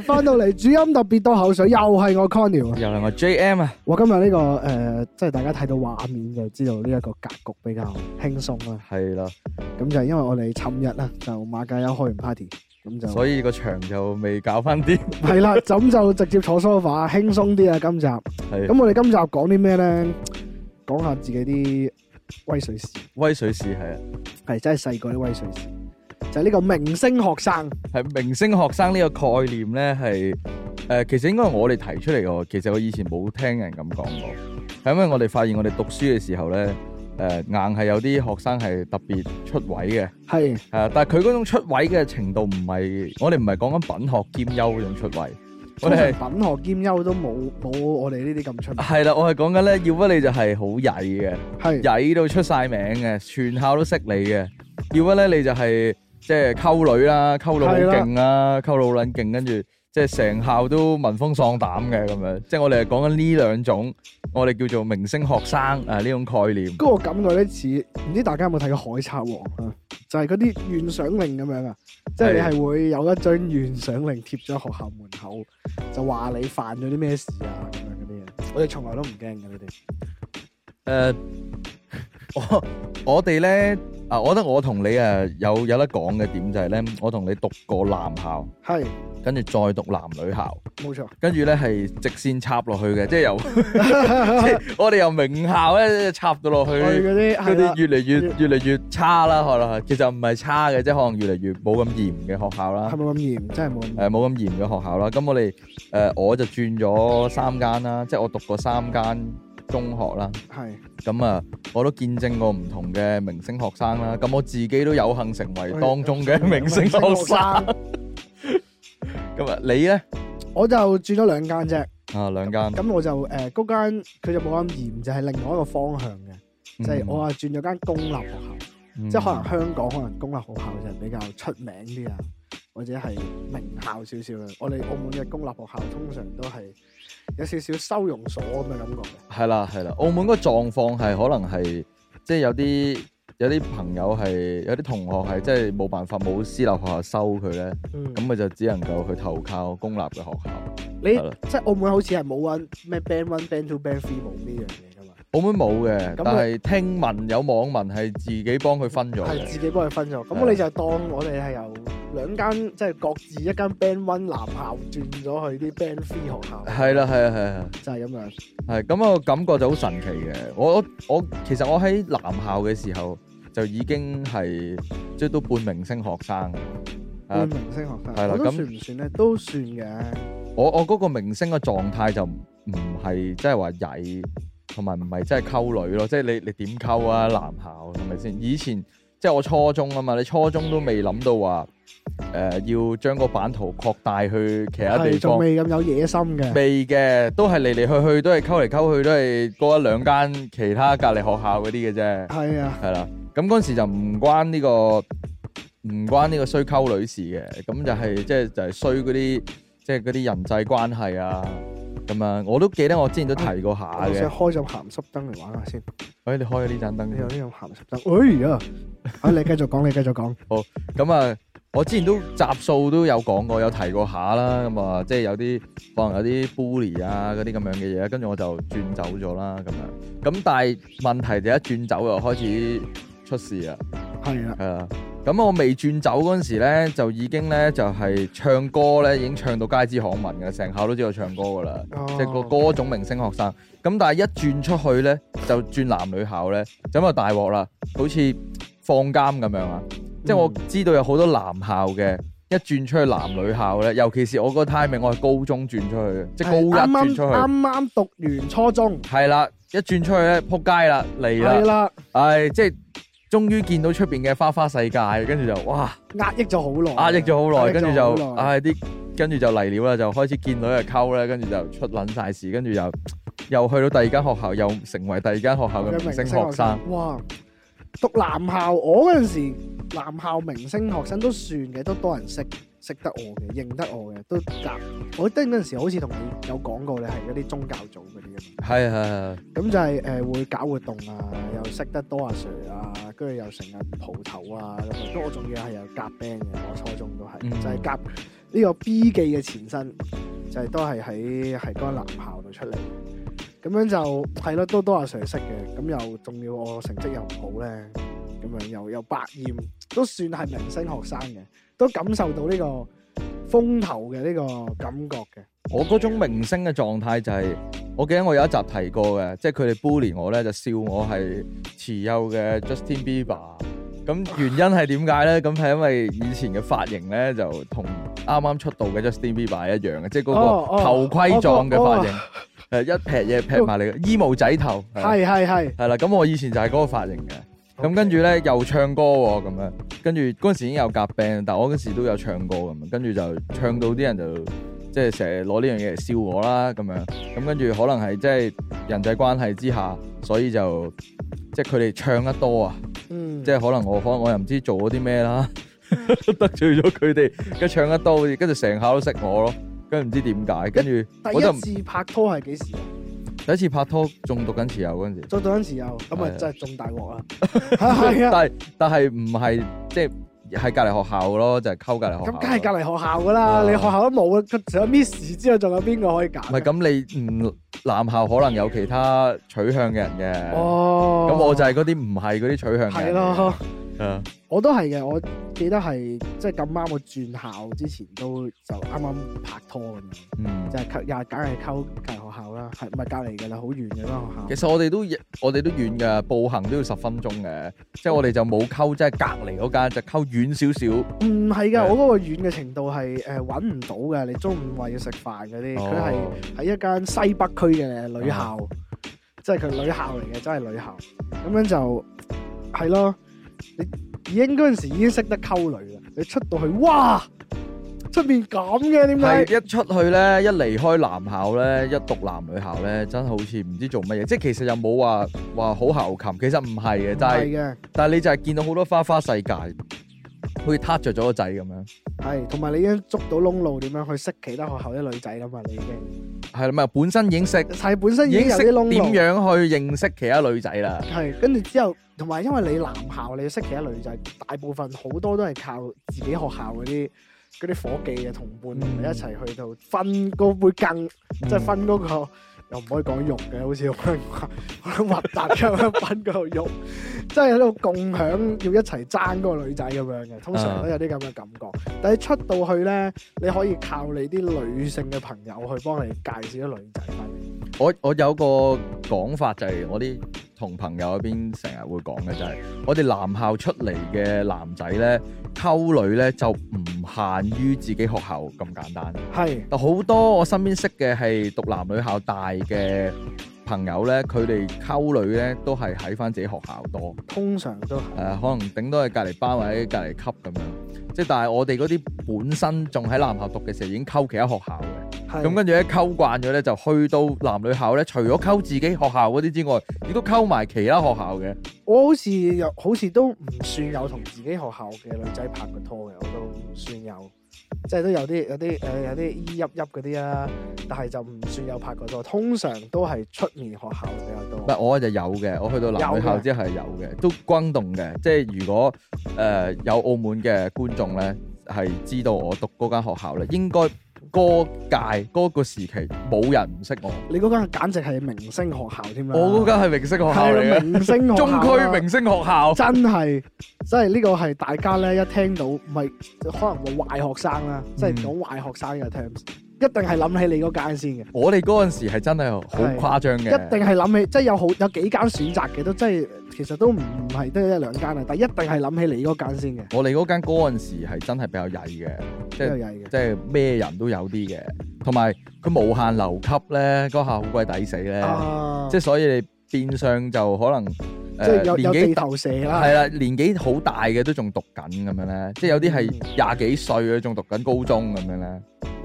翻到嚟主音特別多口水，又係我 Conny 啊，又係我 JM 啊。我今日呢個誒，即係大家睇到畫面就知道呢一個格局比較輕鬆啦。係啦，咁就因為我哋尋日啊，就馬介休開完 party，咁就所以個場就未搞翻啲。係啦，咁就直接坐 sofa 輕鬆啲啊。今集係，咁我哋今集講啲咩咧？講下自己啲威水史。威水史係啊，係真係細個啲威水史。就呢個明星學生，係明星學生呢個概念咧，係、呃、誒，其實應該係我哋提出嚟嘅。其實我以前冇聽人咁講過，係因為我哋發現我哋讀書嘅時候咧，誒、呃，硬係有啲學生係特別出位嘅，係是，誒、呃，但係佢嗰種出位嘅程度唔係，我哋唔係講緊品學兼優嗰種出位，我哋係品學兼優都冇冇我哋呢啲咁出。係啦，我係講緊咧，要不你就係好曳嘅，係曳到出晒名嘅，全校都識你嘅，要不咧你就係、是。即係溝女啦、啊，溝到好勁啦，溝到好撚勁，跟住即係成校都聞風喪膽嘅咁樣。即係我哋係講緊呢兩種，我哋叫做明星學生啊呢種概念。嗰個感覺咧似，唔知大家有冇睇過《海賊王》啊？就係嗰啲懸賞令咁樣啊，即係你係會有一張懸賞令貼咗學校門口，就話你犯咗啲咩事啊咁樣嗰啲嘢。我哋從來都唔驚嘅，你哋。誒、呃。我我哋咧啊，我覺得我同你誒有有得講嘅點就係、是、咧，我同你讀過男校，係是，跟住再讀男女校，冇錯錯，跟住咧係直線插落去嘅，即係由 即係我哋由名校咧插到落去，嗰啲啲越嚟越的越嚟越，越，越差啦，係其實唔係差嘅，即係可能越嚟越冇咁嚴嘅學校啦，係冇咁嚴，真係冇，誒冇咁嚴嘅學校啦。咁我哋誒、呃、我就轉咗三間啦，即係我讀過三間。中學啦，係咁啊！我都見證過唔同嘅明星學生啦，咁我自己都有幸成為當中嘅明星學生。咁啊，你咧？我就轉咗兩間啫，啊兩間。咁我就誒，嗰間佢就冇咁嚴，就係另外一個方向嘅，即係我啊轉咗間公立學校，即係可能香港可能公立學校就比較出名啲啊，或者係名校少少嘅。我哋澳門嘅公立學校通常都係。.有少少收容所咁嘅感覺嘅，係啦，係啦，澳門嗰個狀況係可能係即係有啲有啲朋友係有啲同學係即係冇辦法冇私立學校收佢咧，咁咪就只能夠去投靠公立嘅學校。你即係澳門好似係冇咩 band one band two band three 冇呢樣嘢噶嘛？澳門冇嘅，但係聽聞有網民係自己幫佢分咗，係自己幫佢分咗，咁你就當我哋係有。兩間即係各自一間 Band One 男校轉咗去啲 Band Three 學校。係啦，係啊，係啊，就係咁樣。係咁我感覺就好神奇嘅。我我其實我喺男校嘅時候就已經係即係都半明星學生。半明星學生。係啦，咁算唔算咧？都算嘅。我我嗰個明星嘅狀態就唔係即係話曳，同埋唔係即係溝女咯。即係你你點溝啊？男校係咪先？以前。即係我初中啊嘛，你初中都未諗到話，誒、呃、要將個版圖擴大去其他地方，仲未咁有野心嘅，未嘅，都係嚟嚟去去，都係溝嚟溝去，都係過一兩間其他隔籬學校嗰啲嘅啫。係啊，係啦，咁嗰時就唔關呢、呢個唔關呢個衰溝女嘅事嘅，咁就係即係就係衰嗰啲即係嗰啲人際關係啊。咁啊，我都記得我之前都提過下嘅。我想、啊、開咗鹹濕燈嚟玩下先。哎，你開咗呢盞燈？有呢咁鹹濕燈。哎呀，哎，你繼續講，你繼續講。好，咁啊，我之前都集數都有講過，有提過下啦。咁啊，即係有啲可能有啲 bully 啊，嗰啲咁樣嘅嘢，跟住我就轉走咗啦。咁樣，咁但係問題就一轉走又開始出事啊。係啊。係。咁我未轉走嗰陣時咧，就已經咧就係、是、唱歌咧，已經唱到街知巷聞嘅，成校都知道我唱歌噶啦，oh, okay. 即係個歌種明星學生。咁但係一轉出去咧，就轉男女校咧，就咁就大鑊啦，好似放監咁樣啊！即係我知道有好多男校嘅、mm. 一轉出去男女校咧，尤其是我個 timing，我係高中轉出去，是即係高一轉出去，啱啱讀完初中。係啦，一轉出去咧，撲街啦，嚟啦，係的、哎、即係。終於見到出邊嘅花花世界，跟住就哇，壓抑咗好耐，壓抑咗好耐，跟住就唉啲，跟住、啊、就嚟料啦，嗯、就開始見女啊溝啦，跟住就出捻晒事，跟住又又去到第二間學校，又成為第二間學校嘅明、明星學生。哇！讀男校，我嗰陣時男校明星學生都算嘅，都多人識。識得我嘅，認得我嘅，都夾。我叮嗰陣時，好似同你有講過，你係嗰啲宗教組嗰啲。係係係。咁 就係誒會搞活動啊，又識得多阿 Sir 啊，跟住又成日蒲頭啊。我仲嘢係有夾 band 嘅，我初中都係，嗯、就係夾呢個 B 記嘅前身，就係、係、都係喺係嗰個男校度出嚟。咁樣就係咯，都多阿 Sir 識嘅。咁又仲要我成績又唔好咧，咁樣又又百厭，都算係明星學生嘅。都感受到呢個風頭嘅呢個感覺嘅。我嗰種明星嘅狀態就係、是，我記得我有一集提過嘅，即係佢哋 bully 我咧就笑我係慈幼嘅 Justin Bieber。咁原因係點解咧？咁係 因為以前嘅髮型咧就同啱啱出道嘅 Justin Bieber 一樣嘅，即係嗰個頭盔狀嘅髮型，誒、哦哦、一劈嘢劈埋嚟嘅，衣帽、哦、仔頭。係係係。係啦，咁我以前就係嗰個髮型嘅。咁跟住咧又唱歌喎、哦，咁樣跟住嗰陣時已經有夾病，但係我嗰時都有唱歌咁樣，跟住就唱到啲人就即係成日攞呢樣嘢嚟笑我啦，咁樣咁跟住可能係即係人際關係之下，所以就即係佢哋唱得多啊，嗯、即係可能我可能我又唔知做咗啲咩啦，嗯、 得罪咗佢哋嘅唱得多，跟住成下都識我咯，跟住唔知點解，跟住我就唔知拍拖係幾時？第一次拍拖仲讀緊持有嗰陣時，讀緊持有，咁啊真係中大鑊啊！係啊，但係但係唔係即係係隔籬學校咯，就係、是、溝隔籬學校。咁梗係隔籬學校噶啦，哦、你學校都冇，除咗 Miss 之外，仲有邊個可以揀？唔係咁，你唔，男校可能有其他取向嘅人嘅。哦，咁我就係嗰啲唔係嗰啲取向嘅人。係咯、哦。 啊！Yeah. 我都係嘅，我記得係即係咁啱我轉校之前都就啱啱拍拖咁樣，就係靠也梗係靠隔籬學校啦，係咪隔籬噶啦？好遠嘅啦，學校。是是學校其實我哋都我哋都遠嘅，步行都要十分鐘嘅，即係我哋就冇溝，即係隔籬嗰間就溝遠少少。唔係噶，Yeah. 我嗰個遠嘅程度係誒搵唔到嘅。你中午話要食飯嗰啲，佢係喺一間西北區嘅女校，oh. 即係佢女校嚟嘅，真係女校。咁樣就係咯。你已經嗰陣時已經識得溝女啦，你出到去，哇，出面咁嘅點解？係一出去咧，一離開男校咧，一讀男女校咧，真係好似唔知做乜嘢，即係其實又冇話話好喉擒。其實唔係嘅，但係但係你就係見到好多花花世界。好似撻著咗個仔咁樣，係同埋你已經捉到窿路，點樣去識其他學校啲女仔噶嘛。你已經係啦嘛，本身已經認識，係本身已經識窿路，點樣去認識其他女仔啦。係跟住之後，同埋因為你男校，你識其他女仔，大部分好多都係靠自己學校嗰啲嗰啲伙計嘅同伴、嗯、一齊去到分嗰杯羹，即係分嗰個。嗯又唔可以講肉嘅，好似我喺我核突咁樣瞓嗰度肉，即係喺度共享要一齊爭嗰個女仔咁樣嘅，通常都有啲咁嘅感覺。Uh huh. 但係出到去咧，你可以靠你啲女性嘅朋友去幫你介紹啲女仔翻嚟。我有、就係、我有個講法就係我啲。同朋友嗰邊成日會講嘅就係，我哋男校出嚟嘅男仔咧，溝女咧就唔限於自己學校咁簡單。係是，好多我身邊識嘅係讀男女校大嘅。朋友咧，佢哋溝女咧都係喺翻自己學校多，通常都係，誒、呃、可能頂多係隔離班或者隔離級咁樣，即係但係我哋嗰啲本身仲喺男校讀嘅時候已經溝其他學校嘅，咁係跟住咧溝慣咗咧就去到男女校咧，除咗溝自己學校嗰啲之外，亦都溝埋其他學校嘅。我好似有好似都唔算有同自己學校嘅女仔拍過拖嘅，我都唔算有。即係都有啲有啲誒、呃、有啲咿咿噏噏嗰啲啊，但係就唔算有拍過多，通常都係出面學校比較多。唔係我就有嘅，我去到男女校之後係有嘅，有的都轟動嘅。即係如果誒、呃、有澳門嘅觀眾咧，係知道我讀嗰間學校咧，應該。嗰屆嗰、嗰個時期冇人唔識我，你嗰間簡直係明星學校添啊！我嗰間係明星學校嚟，明星校 中區明星學校，真係真係呢個係大家咧一聽到，唔係可能會壞學生啦，即係唔到壞學生嘅 terms。嗯一定係諗起你嗰間先嘅。我哋嗰陣時係真係好誇張嘅。一定係諗起，即係有好有幾間選擇嘅，都即係其實都唔唔係得一兩間啦。但係一定係諗起你嗰間先嘅。我哋嗰間嗰陣時係真係比較曳嘅，即係即係咩人都有啲嘅，同埋佢無限留級咧，嗰下好鬼抵死咧，即係所以你變相就可能。呃、即係有年紀有地頭蛇啦，係啦對，對年紀好大嘅都仲讀緊咁樣咧，嗯、即係有啲係廿幾歲佢仲讀緊高中咁樣咧。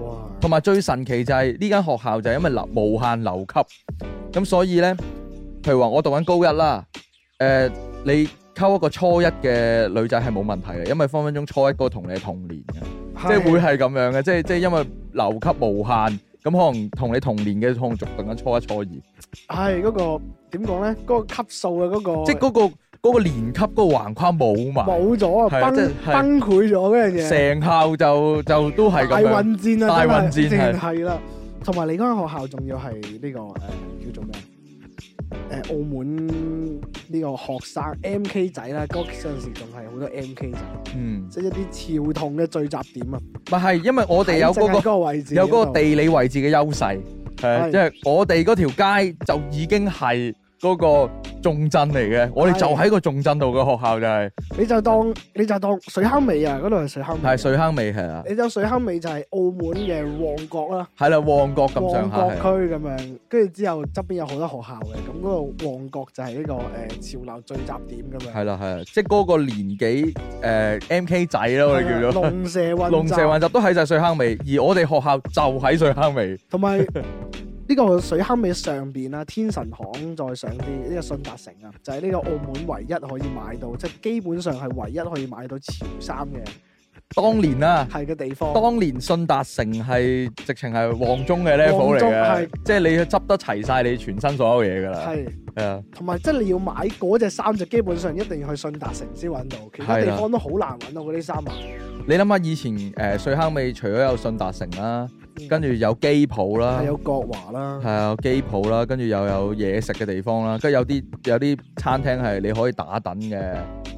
哇！同埋最神奇就係呢間學校就係因為留無限留級，咁所以咧，譬如話我讀緊高一啦，誒、呃，你溝一個初一嘅女仔係冇問題嘅，因為分分鐘初一個同你係同年嘅，即係是會係咁樣嘅，即係即係因為留級無限。咁可能同你同年嘅同族，等然初一初二，係嗰個點講咧？嗰個級數嘅嗰個，即係嗰個、嗰個年級嗰個橫跨冇埋，冇咗，崩崩潰咗樣嘢。成校就就都係咁大混戰啊！大混戰係啦，同埋是你嗰間學校仲要係呢、這個誒、呃、叫做咩？誒，澳門呢個學生 M K 仔啦，嗰陣時仲係好多 M K 仔，那個，仔嗯，即係一啲潮童嘅聚集點啊。唔係，因為我哋有嗰，那個，個位置，有個地理位置嘅優勢，係即係我哋嗰條街就已經係。嗰個重鎮嚟嘅，對我哋就喺個重鎮度嘅學校就係、是，你就當你就當水坑尾啊，嗰度係水坑尾、啊，係水坑尾係啊，你就水坑尾就係澳門嘅旺角啦，係啦，旺角咁上下區咁樣，跟住了之後側邊有好多學校嘅，咁嗰個旺角就係呢個誒、呃、潮流聚集點咁樣，係啦，係啦，即係嗰個年紀誒、呃、MK 仔咯、啊，了我哋叫做龍蛇混雜，龍蛇混雜都喺晒水坑尾，而我哋學校就喺水坑尾，同埋。呢個水坑尾上邊啦，天神巷再上啲，呢、這個信達城啊，就係、是、呢個澳門唯一可以買到，即係基本上係唯一可以買到潮衫嘅。當年啦、啊，係個地方。當年信達城係直情係旺中嘅 level 嚟嘅，即係你執得齊晒你全身所有嘢噶啦。係是，係同埋即係你要買嗰隻衫，就基本上一定要去信達城先揾到，其他地方都好難揾到嗰啲衫啊。啊你諗下以前誒、呃、水坑尾，除咗有信達城啦、啊。跟住有機鋪啦， 有國華啦，係啊有機鋪啦，跟住又有嘢食嘅地方啦，跟住有啲有啲餐廳係你可以打等嘅，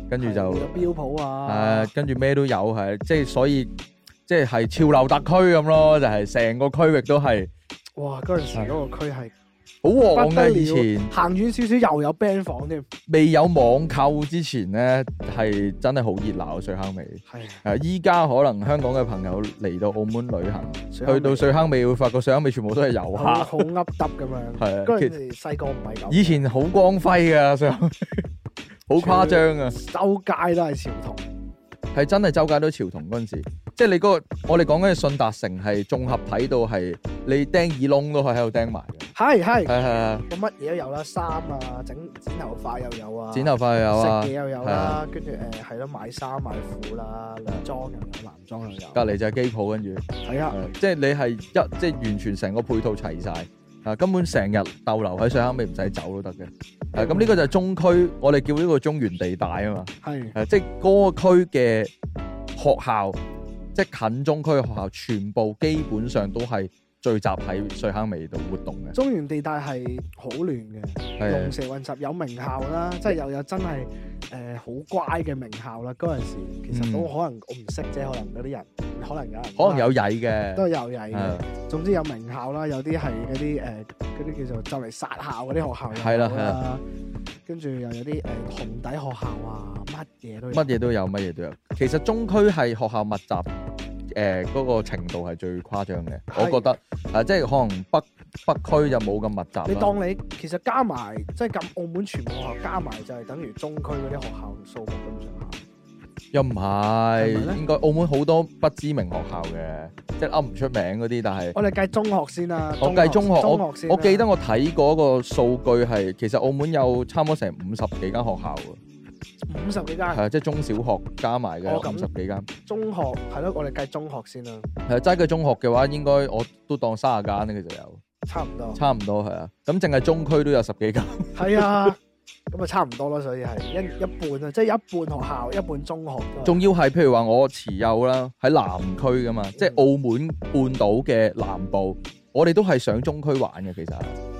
跟住就 有標鋪啊，係、啊、跟住咩都有係，即係所以即係潮流特區咁咯，就係、是、成個區域都係，哇，嗰陣時嗰個區係。好旺啊，以前，行遠少少又有 band 房添。未有網購之前咧，係真係好熱鬧啊！水坑尾係啊，依家的可能香港嘅朋友嚟到澳門旅行，去到水坑尾會發覺水坑尾全部都係遊客，好噏耷咁樣。係啊，跟住細個唔係咁。以前好光輝噶，水坑尾好誇張啊， 周街都係潮童。係真係周街都潮童。嗰陣時即係你嗰、那個嗰個我哋講緊嘅信達城係綜合體到，係你釘耳窿都可以喺度釘埋，係係係係，個乜嘢都有啦，衫啊，整剪頭髮又有啊，剪頭髮又有啊，食嘢又有啦、啊，跟住誒係咯，買衫買褲啦，男裝又有，男裝又有，隔離就係機鋪跟住，係啊，即係、啊啊、你係一即係、就是、完全成個配套齊晒，啊根本成日逗留喺上坑尾唔使走都得嘅。誒咁呢個就係中區，我哋叫呢個中原地帶啊嘛，係誒是、啊、即係嗰個區嘅學校，即近中區嘅學校，全部基本上都係。聚集喺水坑尾度活動嘅中原地帶係好亂嘅，的龍蛇混雜，有名校啦，即係又有，有真係誒好乖嘅名校啦。嗰陣時其實都可能、嗯、我唔識啫，可能嗰啲人可能有，可能有曳嘅，都係有曳嘅。的總之有名校啦，有啲係嗰啲誒啲叫做就嚟殺校嗰啲學校，係啦係啦。跟住的的又有啲誒紅底學校啊，乜嘢都乜嘢都有，乜嘢都，都，都有。其實中區係學校密集。誒嗰、呃嗰個程度係最誇張嘅，的我覺得啊、呃，即係可能北北區就冇咁密集。你當你其實加埋即係咁，就係、澳門全部學校加埋就係等於中區嗰啲學校數目咁上下，又唔係應該澳門好多不知名學校嘅，即係噏唔出名嗰啲，但係我哋計中學先啦，我計中學我，我記得我睇過一個數據係，其實澳門有差唔多成五十幾間學校五十幾間係即係中小學加埋嘅五十幾間，哦、中學係咯，我哋計中學先啦。係啊齋計中學嘅話，應該我都當卅間咧，佢就有差唔多，差唔多係啊。咁淨係中區都有十幾間，係 啊，咁啊差唔多咯。所以係一一半啊，即、就、係、是、一半學校，一半中學。仲要係譬如話我持有啦，喺南區噶嘛，嗯、即係澳門半島嘅南部。我哋都係上中區玩嘅，其實，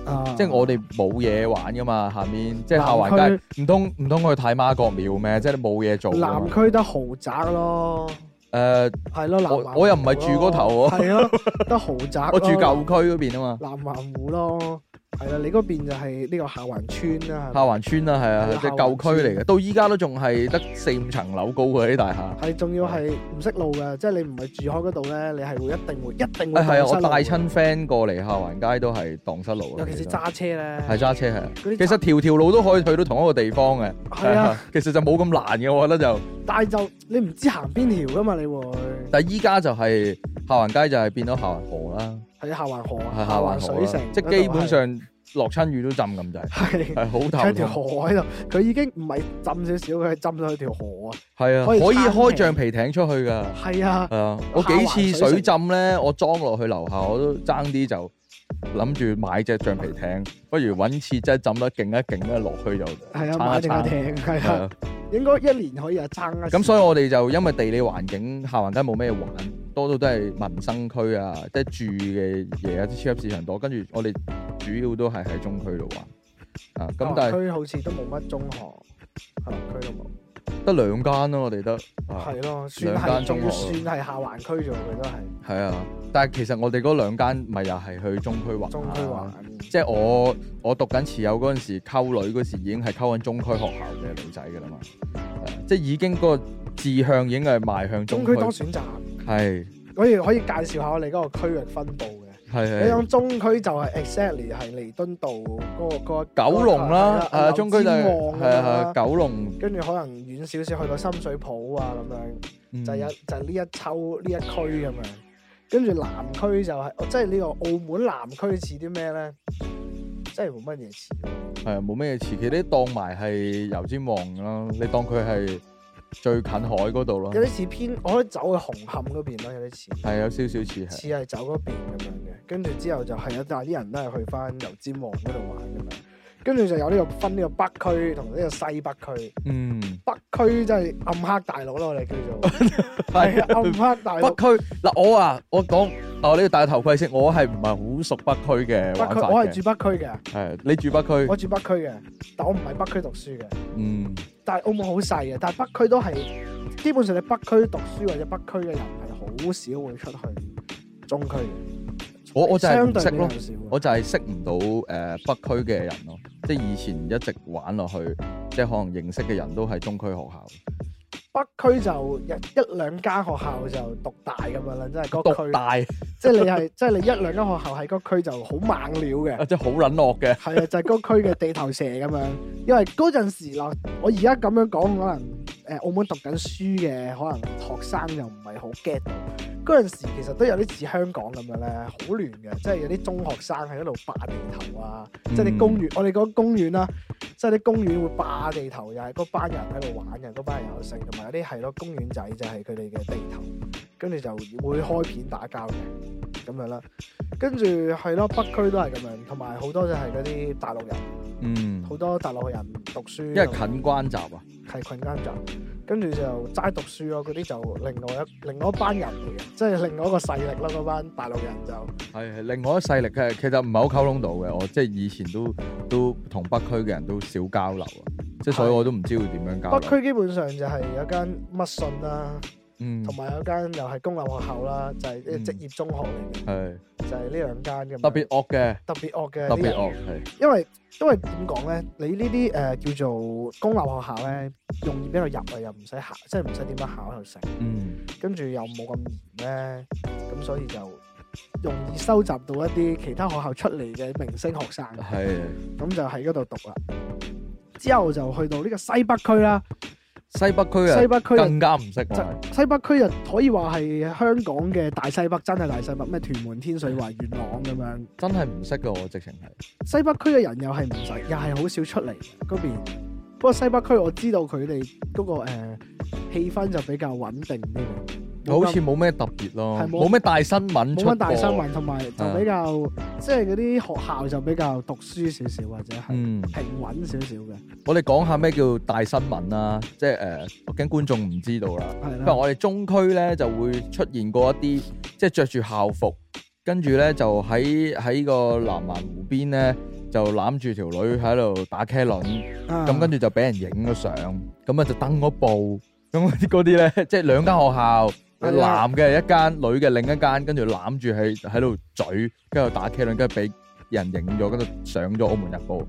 啊、即係我哋冇嘢玩噶嘛，下面區即係下環街，唔通唔通去睇媽閣廟咩？即係你冇嘢做。南區得豪宅咯，誒、呃，係咯，南我又唔係住嗰頭喎。係咯，得豪宅。我住舊區嗰邊啊嘛。南環湖咯。係啦，你嗰邊就係呢個下環村啦，下環村啦，係啊，即係舊區嚟嘅，到依家都仲係得四五層樓高嘅啲大廈。係仲要係唔識路嘅，即係你唔係住開嗰度咧，你係會一定會一定會塞。係啊，我帶親 friend 過嚟下環街都係蕩失路。尤其是揸車咧，係揸車係。其實條條路都可以去到同一個地方嘅。係啊，其實就冇咁難嘅，我覺得就。但係就你唔知行邊條噶嘛，你會。但係依家就係下環街就係變咗下環河啦。喺下環河啊，下環水城，即係基本上是落親雨都浸咁滯。係係好頭啊！有條河喺度，佢已經唔係浸少少，佢係浸咗佢條河啊！係啊，可以開橡皮艇出去㗎，係啊，啊我幾次水浸咧，我裝落去樓下，我都爭啲就～諗住買隻橡皮艇，不如搵次真係浸得勁一勁咧，落去又撐一撐。係啊，應該一年可以啊，撐一。咁所以我哋就因為地理環境，下環街冇咩玩，多數都係民生區啊，即係住嘅嘢啊，超級市場多。跟住我哋主要都係喺中區度玩。啊，咁但係區好似都冇乜中學，係咪區都冇？得兩間咯，我哋得係咯，算係仲算係下環區做嘅都係。係啊，但係其實我哋嗰兩間咪又係去中區玩，啊。中區玩，啊啊，即係我我讀緊持有嗰陣時，溝女嗰時已經係溝緊中區學校嘅女仔噶啦嘛，即係已經嗰個志向已經係邁向中區多選擇。係是可以可以介紹下我哋嗰個區域分布。係係你講中區就係 exactly 係彌敦道嗰、嗰個、嗰個、九龍啦，係、啊、中區就係係啊係啊九龍，跟住可能遠少少去到深水埗啊咁樣，嗯、就有就係呢一抽呢一區咁樣，跟住南區就係、係，即係呢個澳門南區似啲咩咧？真係冇乜嘢似。係啊，冇乜嘢似，其實啲當埋係油尖旺啦，你當佢係最近海嗰度咯。有啲似偏，我可以走去紅磡嗰邊咯，有啲似。係有少少似，似係走嗰邊咁樣。跟住之後就係、是、啊，但啲人都係去翻油尖旺嗰度玩咁樣。跟住就有呢個分呢個北區同呢個西北區。嗯，北區真係暗黑大陸咯，我哋叫做係暗黑大陸。北區嗱，我啊，我講啊，呢要戴頭盔先。我係唔係好熟北區嘅？北區，我係住北區嘅。係、嗯、你住北區？我住北區嘅，但我唔喺北區讀書嘅。嗯，但係澳門好細嘅，但係北區都係基本上你北區讀書或者北區嘅人係好少會出去中區嘅。我我就係唔識咯，我就係識唔到誒、呃、北區嘅人咯，即係以前一直玩落去，即係可能認識嘅人都係中區學校，北區就有一兩間學校就獨大咁樣啦，即、就、係、是、個區獨大，即係你係即係你一兩間學校喺個區就好猛料嘅，即係好撚惡嘅，係啊，就係、是、個區嘅地頭蛇咁樣， 因為嗰陣時我而家咁樣講可能。誒，澳門讀緊書嘅可能學生又唔係好 get 到，嗰陣時其實都有啲似香港咁樣咧，好亂嘅，即係有啲中學生喺度霸地頭啊，即係啲公園，我哋講公園啦、啊，即係啲公園會霸地頭，又係嗰班人喺度玩嘅，嗰班人有性，同埋有啲係咯，公園仔就係佢哋嘅地頭，跟住就會開片打交嘅。咁樣啦，跟住係咯，北區都係咁樣，同埋好多就係嗰啲大陸人，嗯，好多大陸人讀書，因為近關閘啊，係近關閘，跟住就齋讀書咯。嗰啲就另外一另外一班人嚟嘅，即係另外一個勢力啦。嗰班大陸人就係另外一勢力嘅，其實唔係好溝通到嘅。我即係以前都都同北區嘅人都少交流，啊，即係所以我都唔知要點樣交流。北區基本上就係有間乜信啦啊。嗯，同埋有間又係公立學校啦，就係啲職業中學嚟嘅，係就係呢兩間咁。特別惡嘅，特別惡嘅，特別惡係，因為因為點講咧？你呢啲誒叫做公立學校咧，容易俾佢入嚟，又唔使考，即係唔使點樣考就成，嗯，跟住又冇咁嚴咧，咁所以就容易收集到一啲其他學校出嚟嘅明星學生，係咁就喺嗰度讀啦，之後就去到呢個西北區啦。西北區啊，西北區更加唔識。是西北區又可以話係香港嘅大西北，真係大西北，咩屯門、天水圍、元朗咁樣，真係唔識噶，我直情係。西北區嘅人又係唔使，又係好少出嚟嗰邊。不過西北區我知道佢哋嗰個誒、呃、氣氛就比較穩定。好似冇咩特別咯，冇咩大，大新聞，冇咩大新聞，同埋就比較的即係嗰啲學校就比較讀書少少、嗯、或者係平穩少少嘅。我哋講下咩叫大新聞啦，即係誒，我、呃、驚觀眾唔知道啦。不過的我哋中區咧就會出現過一啲，即係着住校服，跟住咧就喺喺個南環湖邊咧就攬住條女喺度打茄輪，咁的、嗯、跟住就俾人影咗相，咁啊就登咗報，咁嗰啲嗰啲咧即係兩間學校。 男嘅一間，女嘅另一間，跟住攬住喺喺度嘴，跟住打茄輪，跟住俾人影咗，跟住上咗《澳門日報》。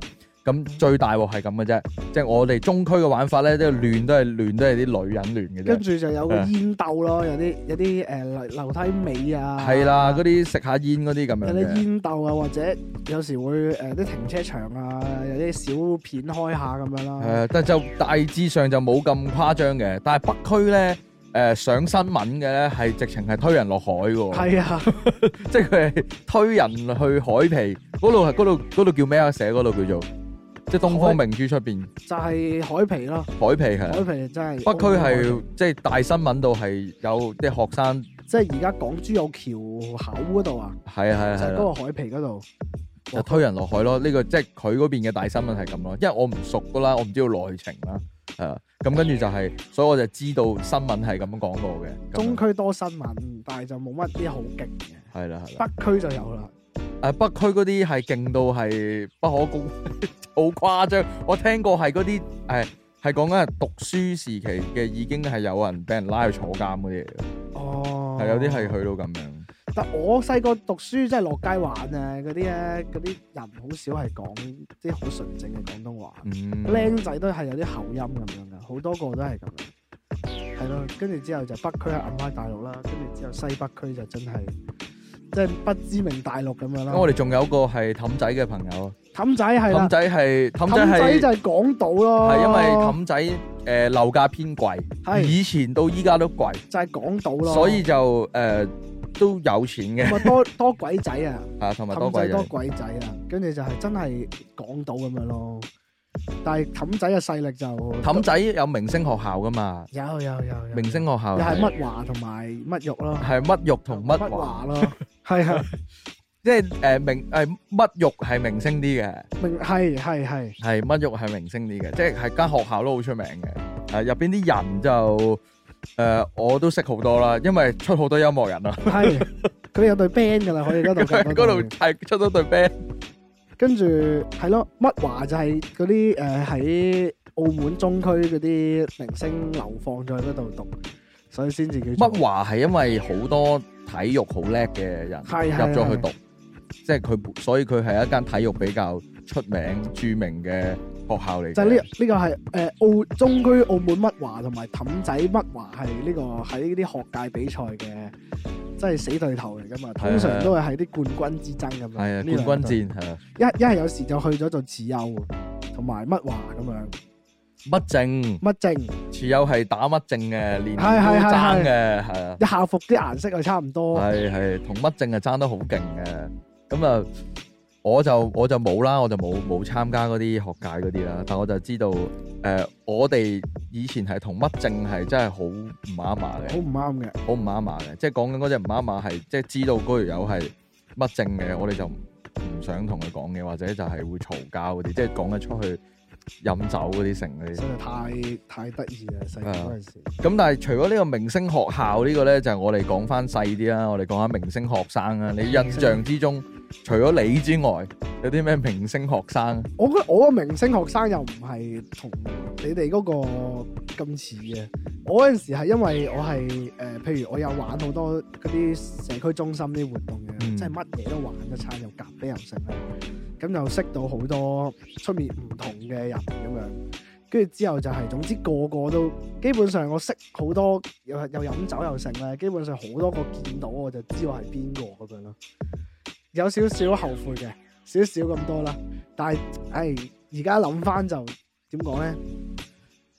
咁最大鑊係咁嘅啫，即係我哋中區嘅玩法咧，都係亂，都係亂，都係啲女人亂嘅。跟住就有個煙鬥咯，有啲有啲誒樓梯尾啊。係啦，嗰啲食下煙嗰啲咁樣。有啲煙鬥啊，或者有時會誒啲停車場啊，有啲小片開下咁樣啦。誒，但就大致上就冇咁誇張嘅，但係北區咧。誒、呃，上新聞嘅咧係直情係推人落海嘅喎，係是啊， 即係佢係推人去海皮嗰度，嗰度嗰度叫咩啊？寫嗰度叫做即係東方明珠出邊，就係、是、海皮咯，海皮係，海皮真、就、係、是、北區係即係大新聞度係有啲學生，即係而家港珠有橋口嗰度啊，係啊係啊係，就嗰個海皮嗰度就推人落海咯，呢、這個即係佢嗰邊嘅大新聞係咁咯，因為我唔熟噶啦，我唔知道內情啦。係咁、啊、跟住就係、是，所以我就知道新聞係咁樣講過嘅。中區多新聞，但係就冇乜啲好勁嘅。係啦係啦，北區就有啦。誒，北區嗰啲係勁到係不可估，好誇張。我聽過係嗰啲，係係講緊係讀書時期嘅，已經係有人俾人拉去坐監嗰啲。哦、oh.，係有啲係去到咁樣。但我細個讀書真係落街玩啊！嗰啲咧，啲人好少係講啲好純正嘅廣東話，靚仔、嗯、都係有啲口音咁樣噶，好多個都係咁樣。係咯，跟住之後就北區係暗派大陸啦，跟住之後西北區就真係即係不知名大陸咁樣啦。咁我哋仲有個係氹仔嘅朋友，氹仔係，氹仔係，氹仔，仔就係港島咯。係因為氹仔誒、呃、樓價偏貴，係以前到依家都貴，就係港島咯。所以就誒。呃都有錢嘅，同多多鬼仔啊，啊，同埋多鬼仔，多鬼仔啊，跟住就係真係港島咁樣咯。但係氹仔嘅勢力就，氹仔有明星學校㗎嘛，有有有，明星學校又係乜華同埋乜玉咯，係乜玉同乜華咯，係係，即係誒明誒乜玉係明星啲嘅，明係係係，係乜玉係明星啲嘅，即係係間學校都好出名嘅，誒入邊啲人就。誒、呃，我都識好多啦，因為出好多音樂人啦。係佢 有對 band 噶啦，可以嗰度，嗰度係出咗對 band。跟住係咯，乜話就係嗰啲誒喺澳門中區嗰啲明星流放咗去嗰度讀，所以先至叫乜話，係因為好多體育好叻嘅人入咗去讀，即係佢所以佢係一間體育比較出名、著名嘅。學校嚟，就呢呢個係誒澳中區澳門乜華同埋氹仔乜華係呢個喺呢啲學界比賽嘅，即係死對頭嚟噶嘛，是的 通常都係喺啲冠軍之爭咁樣，的些冠軍戰係啊。一一係有時就去咗做持有，同埋乜華咁樣乜正乜正，持有係打乜正嘅，連住都爭嘅，係啊。啲校服啲顏色係差唔多，係係同乜正係爭得好勁嘅，咁啊。我就我就冇啦，我就冇冇參加嗰啲學界嗰啲啦。但我就知道，誒、呃，我哋以前係同乜正係真係好唔啱嘛，好唔啱嘅，好唔啱嘅。即係講緊嗰隻唔啱嘛係，即係知道嗰條友係乜正嘅，我哋就唔想同佢講嘅，或者就係會嘈交嗰啲，即係講緊出去飲酒嗰啲成嗰啲。真係太太得意啦！細個嗰時。咁、呃、但係除咗呢個明星學校個呢個咧，就係、我哋講返細啲啦，我哋講下明星學生啊，你印象之中。除咗你之外，有啲咩明星學生？我我個明星學生又唔係同你哋嗰個咁似嘅。我嗰陣時係因為我係誒、呃，譬如我有玩好多嗰啲社區中心啲活動嘅，嗯、即係乜嘢都玩一餐，又夾俾人食啦。咁就識到好多出面唔同嘅人咁樣，跟住之後就係、是、總之個個都基本上我識好多又又飲酒又成咧，基本上好多個見到我就知我係邊個咁樣咯。有少少後悔嘅，少少咁多啦。但係，唉、哎，而家諗翻就點講咧？呢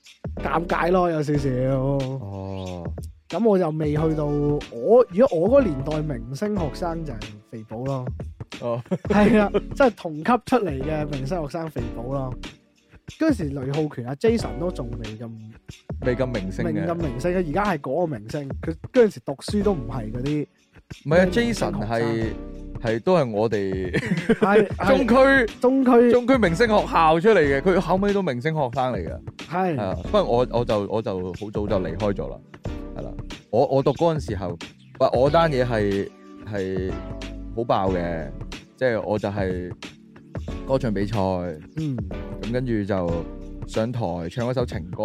少少尷尬咯，有少少。哦。咁我就未去到我，如果我個年代明星學生就係肥寶咯。哦。係啊，即係同級出嚟嘅明星學生肥寶咯。嗰陣時，雷浩權啊，Jason 都仲未咁，未咁明星，明咁明星嘅。而家係嗰個明星，佢嗰陣時讀書都唔係嗰啲。唔係啊，Jason 係。係都係我哋是 中區區中區區中區明星學校出嚟嘅，佢後尾都明星學生嚟嘅。係是，不過我我就我就好早就離開咗啦，係啦。我我讀嗰陣時候，喂，我單嘢係係好爆嘅，即係我就係歌唱比賽，嗯，咁跟住就上台唱一首情歌，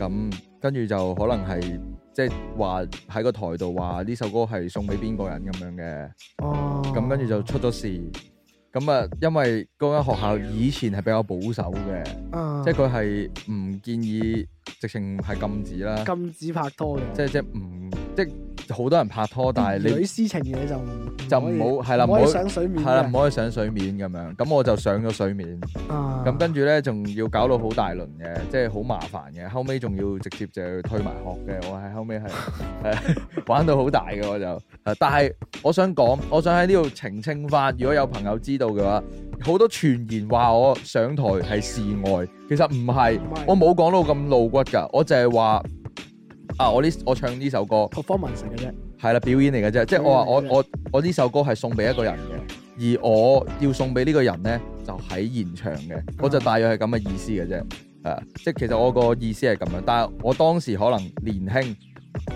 咁跟住就可能係。即係話喺個台度話呢首歌係送俾邊個人咁樣嘅，咁、oh. 跟住就出咗事。咁啊，因為嗰間學校以前係比較保守嘅，oh. 即係佢係唔建議。直情係禁止啦，禁止拍拖嘅，即即唔即好多人拍拖，但係你女私情嘢就就唔好係啦，唔可以上水面，係啦，唔可以上水面咁樣，咁我就上咗水面，咁、啊、跟住咧仲要搞到好大輪嘅，即係好麻煩嘅，後尾仲要直接就退埋學嘅，我係後尾係係玩到好大嘅我就，但係我想講，我想喺呢度澄清翻，如果有朋友知道嘅話。好多傳言話我上台係示愛，其實唔係是，我冇講到咁露骨噶，我淨係話啊，我呢我唱呢首歌，performance 嘅啫，係啦，表演嚟嘅啫，即係我話我我我呢首歌係送俾一個人嘅，而我要送俾呢個人咧，就喺現場嘅，我就大約係咁嘅意思嘅啫，的啊，即係其實我個意思係咁樣，但係我當時可能年輕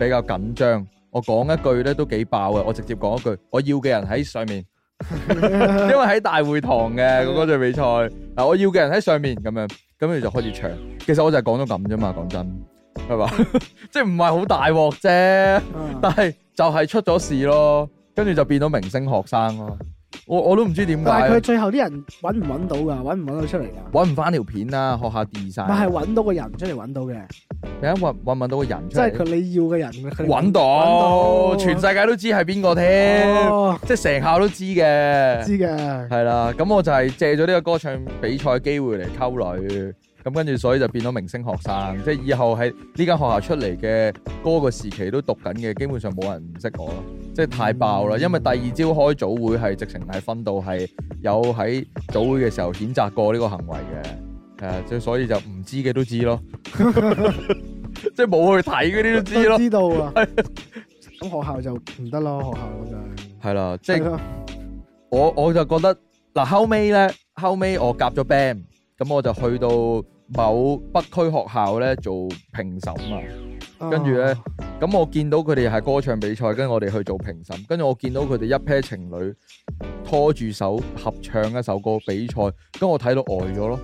比較緊張，我講一句咧都幾爆嘅，我直接講一句，我要嘅人喺上面。 因為喺大會堂嘅嗰、嗰個比賽，嗱 我要嘅人喺上面咁樣，咁跟住就開始唱。其實我就係講咗咁啫嘛，講真係嘛， 即係唔係好大鑊啫，但係就係出咗事咯，跟住就變到明星學生咯。我我都唔知點解，但係佢最後啲人揾唔揾到噶，揾唔揾到出嚟噶，揾唔翻條片啊，學下 design。但係揾到個人出嚟揾到嘅，你一揾揾唔到個人出嚟，即係佢你要嘅人。揾到，到好好全世界都知係邊、哦、個添，即係成校都知嘅。知嘅，係啦。咁我就係借咗呢個歌唱比賽機會嚟溝女。咁跟住，所以就變咗明星學生，即係以後喺呢間學校出嚟嘅嗰個時期都讀緊嘅，基本上冇人唔識我咯，即係太爆啦！嗯、因為第二朝開早會係直情係分到係有喺早會嘅時候譴責過呢個行為嘅，誒，即所以就唔知嘅都知咯， 即係冇去睇嗰啲都知咯，知道啊！咁 學校就唔得咯，學校真係係啦，即係了我我就覺得嗱後尾咧，後尾我夾咗 band，咁我就去到。某北區學校咧做評審啊，跟住咧，咁我見到佢哋係歌唱比賽，跟住我哋去做評審，跟住我見到佢哋一 pair 情侶拖住手合唱一首歌比賽，咁我睇到呆咗咯。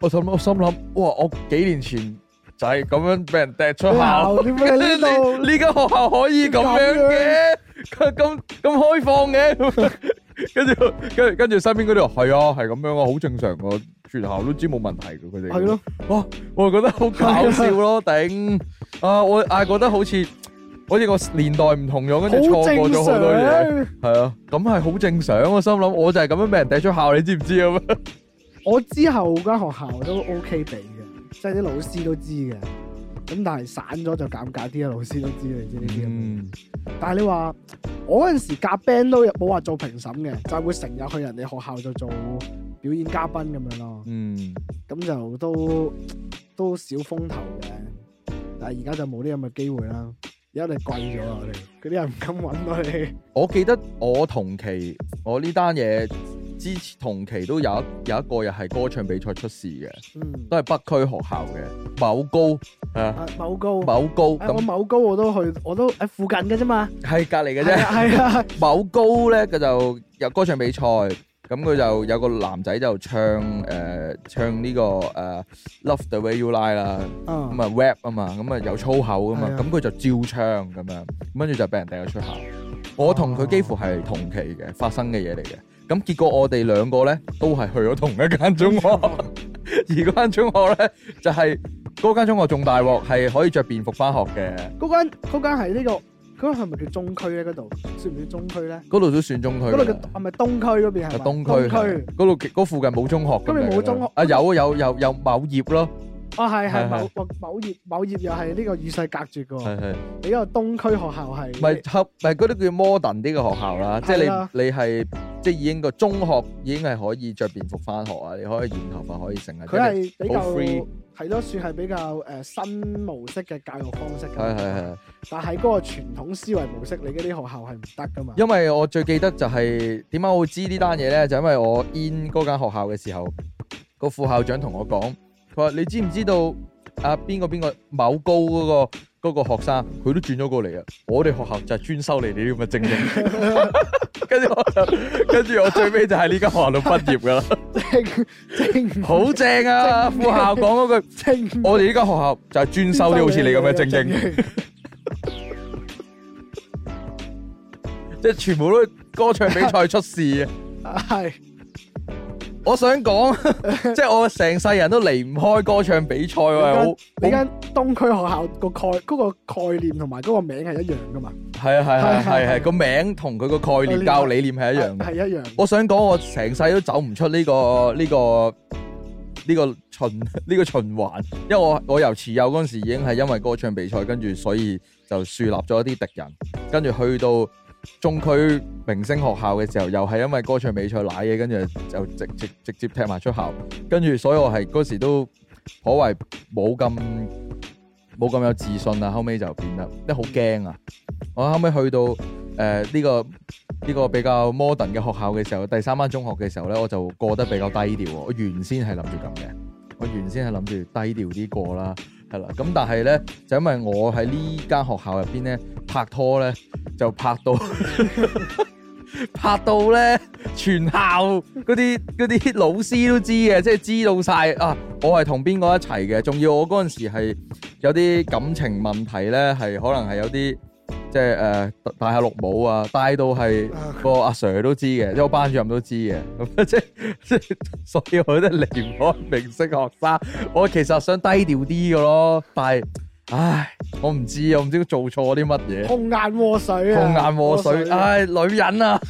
我心諗，我心諗，哇！我幾年前就係咁樣俾人踢出校，呢間、欸、學校可以咁樣嘅，咁咁開放嘅。 跟住，跟住，跟住身邊嗰啲話係啊，係咁樣啊，好正常個、啊、全校都知冇問題噶，佢哋係咯，哇的、啊，我就覺得好搞笑咯，頂的啊！我嗌、啊、覺得好似好似個年代唔同咗，跟住錯過咗好多嘢，係啊，咁係好正常、啊。我心諗，我就係咁樣俾人掟出校，你知唔知啊？ 我之後間學校都 OK 俾嘅，即係啲老師都知嘅。咁但係散咗就尷尬啲啊！老師都知你知呢啲咁。嗯、但係你話我嗰陣時夾 band 都冇話做評審嘅，就係、會成日去人哋學校就做表演嘉賓咁樣咯。咁、嗯、就都都少風頭嘅，但係而家就冇呢咁嘅機會啦。而家你貴咗落嚟！佢啲人唔敢揾我你。我記得我同期我呢單嘢。之前同期都有一有一個又係歌唱比賽出事嘅，嗯、都係北區學校嘅某高，啊，某高，某高咁。某高我都去，我都喺附近嘅啫嘛，係隔離嘅啫，係啊。某高咧佢就有歌唱比賽，咁佢就有個男仔就唱誒、呃、唱呢、呢個誒、呃、Love the way you lie 啦，咁啊 rap 啊嘛，咁啊有粗口啊嘛，咁佢、嗯、對就照唱咁樣，跟住就俾人掟咗出口，啊。 我同佢幾乎係同期嘅發生嘅嘢嚟嘅。咁結果我哋兩個咧都係去咗同一間中學，而嗰間中學咧就係嗰間中學仲大鑊，係可以着便服返學嘅。嗰間嗰間係呢個，嗰個係咪叫中區咧？嗰度算唔算中區咧？嗰度都算中區。嗰度叫係咪東區嗰邊？係東區。東區嗰度嗰附近冇中學。咁你冇中學？啊，有有有有某業咯。哦，係係是某是是某，某業，某業又係呢個與世隔絕嘅，你個是東區學校係咪合？咪嗰啲叫 modern 啲嘅學校啦，即係是你是你係即係已經個中學已經係可以着便服返學啊，你可以染頭髮，可以成日。佢係比較係咯，都算係比較誒新模式嘅教育方式。係係係，但係嗰個傳統思維模式，你嗰啲學校係唔得㗎嘛。因為我最記得就係點解我會知呢單嘢咧，就係、因為我 in 嗰間學校嘅時候，個副校長同我講。你知唔知道阿邊個邊個某高嗰個嗰個學生，佢都轉咗過嚟啊！我哋學校就係專收你哋呢啲咁嘅精英，跟住我跟住我最尾就喺呢間學校度畢業噶啦，正正好正啊！副校講嗰句，我哋呢間學校就係專收啲好似你咁嘅精英，即係全部都歌唱比賽出事啊！係。我想講， 即係我成世人都離唔開歌唱比賽喎。你間東區學校個概嗰 個概念同埋嗰個名係一樣噶嘛？係啊係係係係個名同佢個概念教理念係一樣。係一樣。我想講我成世都走唔出呢、這個呢、這個呢、這個這個循呢 個循環，因為我我由持有嗰陣時已經係因為歌唱比賽，跟住所以就樹立咗一啲敵人，跟住去到。中區明星學校嘅時候，又係因為歌唱比賽瀨嘢，跟住就直直直接踢埋出校，跟住所以我係嗰時都頗為冇咁冇咁有自信啊，後尾就變得即係好驚啊！我後尾去到誒呢、呃這個呢、這個比較 modern 嘅學校嘅時候，第三班中學嘅時候咧，我就過得比較低調。我原先係諗住咁嘅，我原先係諗住低調啲過啦。係啦，咁、嗯、但係咧，就因為我喺呢間學校入邊咧拍拖咧，就拍到 拍到咧，全校嗰啲啲老師都知嘅，即係知道晒啊！我係同邊個一齊嘅，仲要我嗰陣時係有啲感情問題咧，係可能係有啲。即係誒，戴吓綠帽啊，戴到係個阿 Sir 都知嘅，即係我班主任都知嘅，咁即即所以我都離唔開明星學生。我其實想低調啲嘅咯，但係，唉，我唔知，我唔知佢做錯啲乜嘢。紅顏禍水啊！紅顏禍水，唉，女人啊！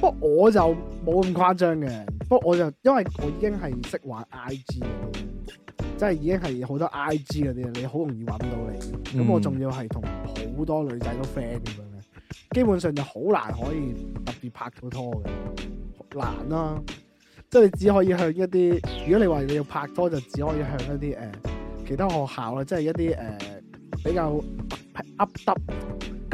不過我就冇咁誇張嘅，不過我就因為我已經係識玩 IG。即係已經係好多 I G 嗰啲啊，你好容易揾到你嘅。咁我仲要係同好多女仔都 friend 咁樣嘅，嗯、基本上就好難可以特別拍到拖嘅，難啦、啊。即係你只可以向一啲，如果你話你要拍拖就只可以向一啲誒、呃、其他學校啦，即係一啲誒、呃、比較 up, up up。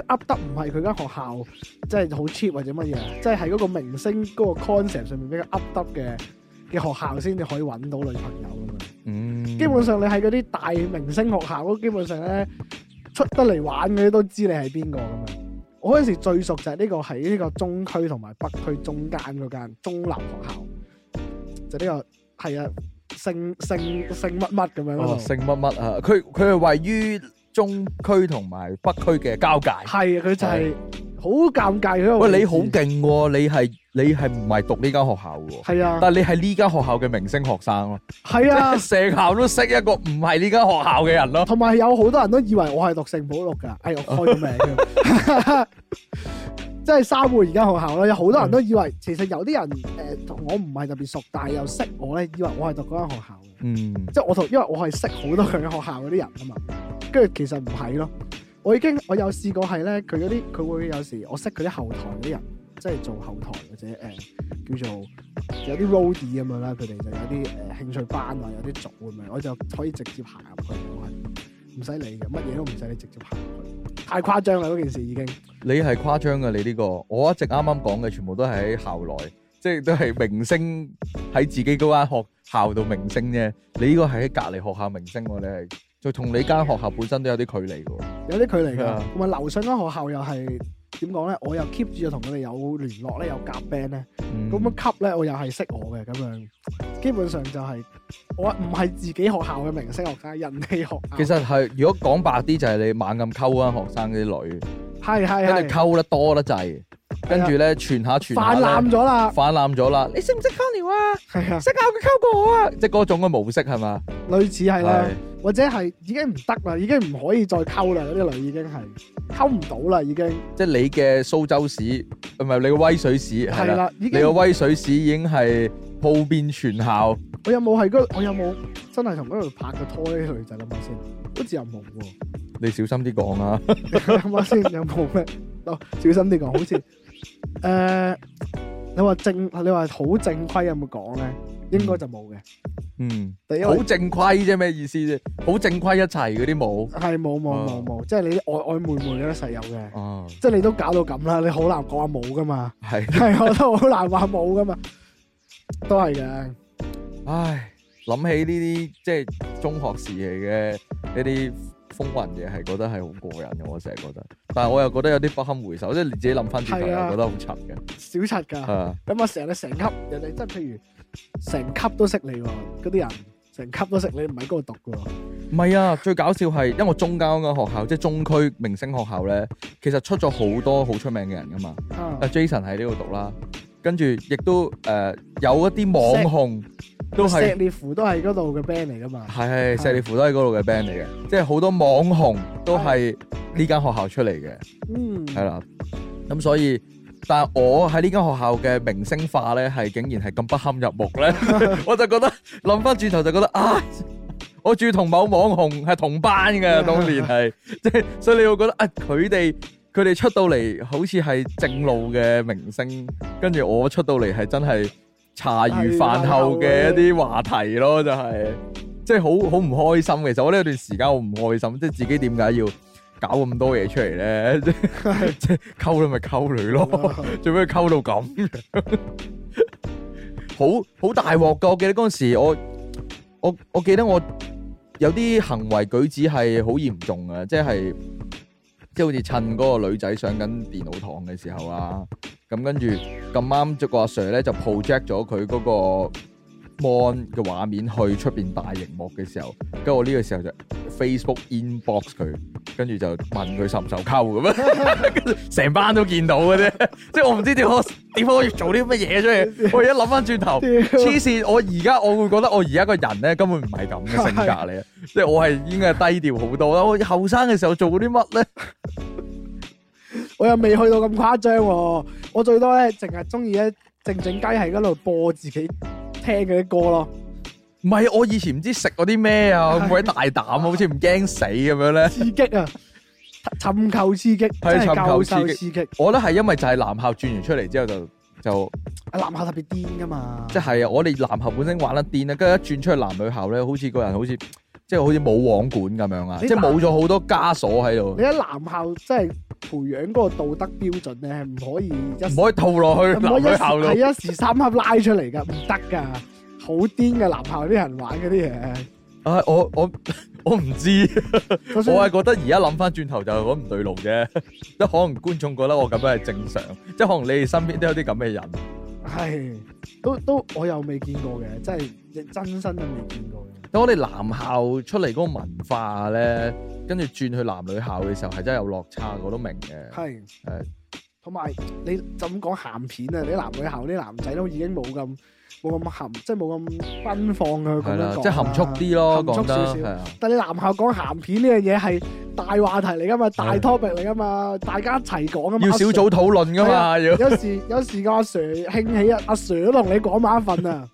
up up 唔係佢間學校即係、就、好、是、cheap 或者乜嘢，即係係嗰個明星嗰個 concept 上面比較 up up 嘅。嘅學校先至可以揾到女朋友咁啊！嗯，基本上你喺嗰啲大明星學校，都基本上咧出得嚟玩嗰啲都知你係邊個咁啊！我嗰陣時最熟就係呢個喺呢個中區同埋北區中間嗰間中立學校，就呢個係啊聖聖聖乜乜，咁樣嗰、哦、聖乜乜啊？佢佢係位於中區同埋北區嘅交界。係，佢就係、係。好尷尬㗎喂，你好勁，哦，你係你係唔係讀呢間學校噶？係啊，但係你係呢間學校嘅明星學生咯。係啊，成校都識一個唔係呢間學校嘅人咯。同埋有好多人都以為我係讀聖保羅噶，哎呀開咗名， 即係三會而家學校咯。有好多人都以為，其實有啲人誒、呃，我唔係特別熟，但係又識我咧，以為我係讀嗰間學校。嗯，即係我同，因為我係識好多佢學校嗰啲人啊嘛，跟住其實唔係咯。我已經，我有試過係咧，佢嗰啲佢會有時，我識佢啲後台嗰啲人，即係做後台或者誒、呃、叫做有啲 roadie 咁樣啦，佢哋就有啲誒、呃、興趣班啊，有啲組咁樣，我就可以直接行入去度，唔使理嘅，乜嘢都唔使你直接行入去，太誇張啦嗰件事已經。你係誇張嘅，你呢、呢個我一直啱啱講嘅，全部都喺校內，即係都係明星喺自己嗰間學校度明星啫。你呢個係喺隔離學校明星，啊，你係。佢同你間學校本身都有啲距離嘅喎，有啲距離嘅，同埋留喺嗰間學校又係點講咧？我又 keep 住同佢哋有聯絡咧，有夾 band 咧，咁樣級咧，我又係識我嘅咁樣。基本上就係我唔係自己學校嘅明星學生，人哋學校。其實係如果講白啲，就係、是、你猛咁溝嗰間學生嗰啲女，係係係，跟住溝得多得滯。跟住咧傳下傳下，泛濫咗啦！泛濫咗啦！你識唔識勾撩啊？係啊，識下佢溝過我啊！即係嗰種嘅模式係嘛？類似係啦，啊、或者係已經唔得啦，已經唔可以再溝啦！嗰啲女已經係溝唔到啦，已經。即係你嘅蘇州屎，唔係你嘅威水史係啦。你嘅威水史已經係鋪遍全校。我有冇係我有冇真係同嗰度拍過拖嗰啲女仔啊？諗下先，好似有冇喎。你小心啲講啊！啊諗下先有冇咩？嗱，小心啲講，好似～誒、呃，你話正，你話好正規有冇講咧？應該就冇嘅。嗯，好為正規啫，咩意思啫？好正規一齊嗰啲冇。係冇冇冇冇，即係你曖曖昧昧嗰啲實有嘅。哦、啊，即係你都搞到咁啦，你好難講話冇噶嘛。係係、嗯、我 都好難話冇噶嘛，都係嘅。唉，諗起呢啲即係中學時期嘅一啲。風雲嘅係覺得係好過癮嘅，我成日覺得，但係我又覺得有啲不堪回首，即係自己諗翻轉頭又覺得好柒嘅，小柒㗎。係啊，咁我成日成級人哋即係譬如成級都識你喎，嗰啲人成級都識你，唔喺嗰度讀㗎喎。唔係啊，最搞笑係因為我中間嗰個學校即係中區明星學校咧，其實出咗好多好出名嘅人㗎嘛。阿 Jason 喺呢度讀啦，跟住亦都誒有一啲網紅。都係， 石列夫都係嗰度嘅 band 嚟噶嘛？係，石列夫都係嗰度嘅 band 嚟嘅，即係好多網紅都係呢間學校出嚟嘅。嗯，係啦。咁所以，但係我喺呢間學校嘅明星化咧，係竟然係咁不堪入目咧。 我就覺得諗翻轉頭就覺得啊，我住同某網紅係同班嘅，當年係，即係 所以你會覺得啊，佢哋佢哋出到嚟好似係正路嘅明星，跟住我出到嚟係真係。茶餘飯後嘅一啲話題咯，就係，就係 即係好好唔開心。其實我呢段時間好唔開心，即係自己點解要搞咁多嘢出嚟咧？即係即係溝女咪溝女咯，做咩溝到咁樣， 好好大鑊噶。我記得嗰陣時我，我我我記得我有啲行為舉止係好嚴重嘅，即係。即係好似趁嗰個女仔上緊電腦堂嘅時候啊，咁跟住咁啱，嗰個阿 Sir 咧就 project 咗佢嗰個 mon 嘅畫面去出邊大熒幕嘅時候，跟住我呢個時候就 Facebook inbox 佢，跟住就問佢受唔受溝咁樣， 樣，成班都見到嘅啫。即係我唔知點可點可以做啲乜嘢出嚟。我而家諗翻轉頭，黐線，啊！我而家我會覺得我而家個人咧根本唔係咁嘅性格嚟， 即係我係應該低調好多啦。我後生嘅時候做過啲乜咧？我又未去到咁誇張，我最多咧淨係中意咧靜靜雞喺嗰度播自己。聽嗰啲歌咯，唔係我以前唔知食嗰啲咩啊，咁鬼大膽啊， 好似唔驚死咁樣咧， 刺激啊，尋求刺激，係尋求刺激。我覺得係因為就係男校轉完出嚟之後就就，男校特別癲噶嘛，即係我哋男校本身玩得癲啊，跟住一轉出去男女校咧，好似個人好似，即係好似冇網管咁樣啊！但即係冇咗好多枷鎖喺度。你喺男校即係培養嗰個道德標準咧，係唔可以唔可以套落去男校，校？係一時三刻拉出嚟噶，唔得噶，好癲嘅男校啲人玩嗰啲嘢。啊，我我我唔知，我係 覺得而家諗翻轉頭就咁唔對路啫。 即可能觀眾覺得我咁樣係正常，即係可能你哋身邊都有啲咁嘅人。係，都都我又未見過嘅，即係真身都未見過。如果你男校出嚟嗰個文化咧，跟住轉去男女校嘅時候，係真係有落差，我都明嘅。係誒是，同埋是你就咁講鹹片啊！你男女校啲男仔都已經冇咁冇咁鹹，即係冇咁奔放嘅。係啊，即係含蓄啲咯，講得。的但係你男校講鹹片呢樣嘢係大話題嚟㗎嘛，的大 topic 嚟㗎嘛，的大家一齊講㗎嘛。要小組討論㗎嘛？有時有時個阿 Sir 興起啊，阿 Sir 都同你講埋一份啊，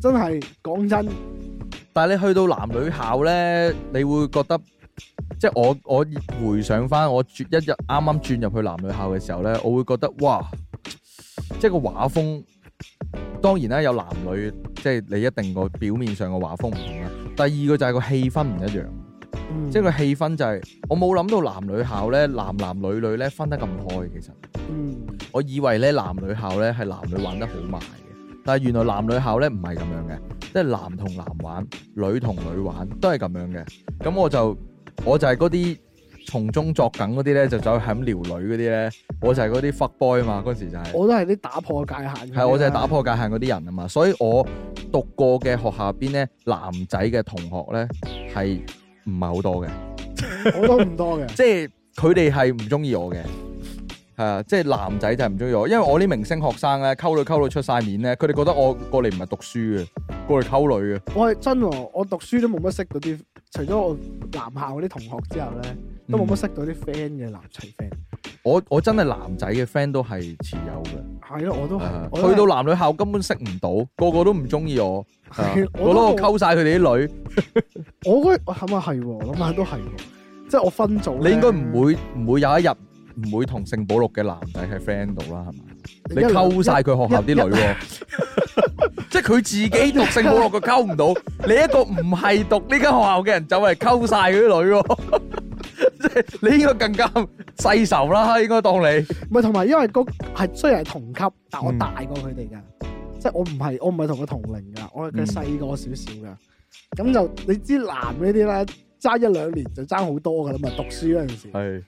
真係講真。 但係你去到男女校咧，你會覺得，即係我我回想翻我第一日啱啱轉入去男女校嘅時候咧，我會覺得哇，即係個畫風，當然咧有男女，即係你一定個表面上個畫風唔同啦。第二個就係個氣氛唔一樣，即係個氣氛就係、是、我冇諗到男女校咧，男男女女咧分得咁開，其實，我以為咧男女校咧係男女玩得好埋。但係原來男女校咧唔係咁樣嘅，即係男同男玩，女同女玩都係咁樣嘅。咁、嗯、我就我就係嗰啲從中作梗嗰啲咧，就走去係咁撩女嗰啲咧。我就係嗰啲 fuck boy 嘛，嗰時就係、係、我都係啲打破界限是。係、啊，我就係打破界限嗰啲人啊嘛。所以我讀過嘅學校邊咧，男仔嘅同學咧係唔係好多嘅，我都唔多嘅、 就係。即係佢哋係唔中意我嘅。係啊，即係男仔就係唔中意我，因為我啲明星學生咧，溝女溝到出晒面咧，佢哋覺得我過嚟唔係讀書嘅，過嚟溝女嘅。我係真，我讀書都冇乜識到啲，除咗我男校嗰啲同學之後咧，都冇乜識到啲 friend 嘅男仔 friend。我我真係男仔嘅 friend 都係持有嘅。係咯，我都係。去到男女校根本識唔到，個個都唔中意我，覺得我溝晒佢哋啲女。我覺得諗下係，諗下都係，即係我分組。你應該唔會唔會有一日。唔會同聖保祿嘅男仔係 friend 到啦，係嘛？你溝晒佢學校啲女喎，即係佢自己讀聖保祿佢溝唔到， 你一個唔係讀呢間學校嘅人就係溝晒佢啲女喎，即 係你應該更加世仇啦，應該當你唔係同埋，因為嗰係雖然係同級，但我大過佢哋嘅，嗯、即係我唔係我唔係同佢同齡㗎，我係佢細過少少㗎，咁、嗯、就你知男呢啲啦。爭一兩年就爭好多噶啦嘛，就是、讀書嗰陣時，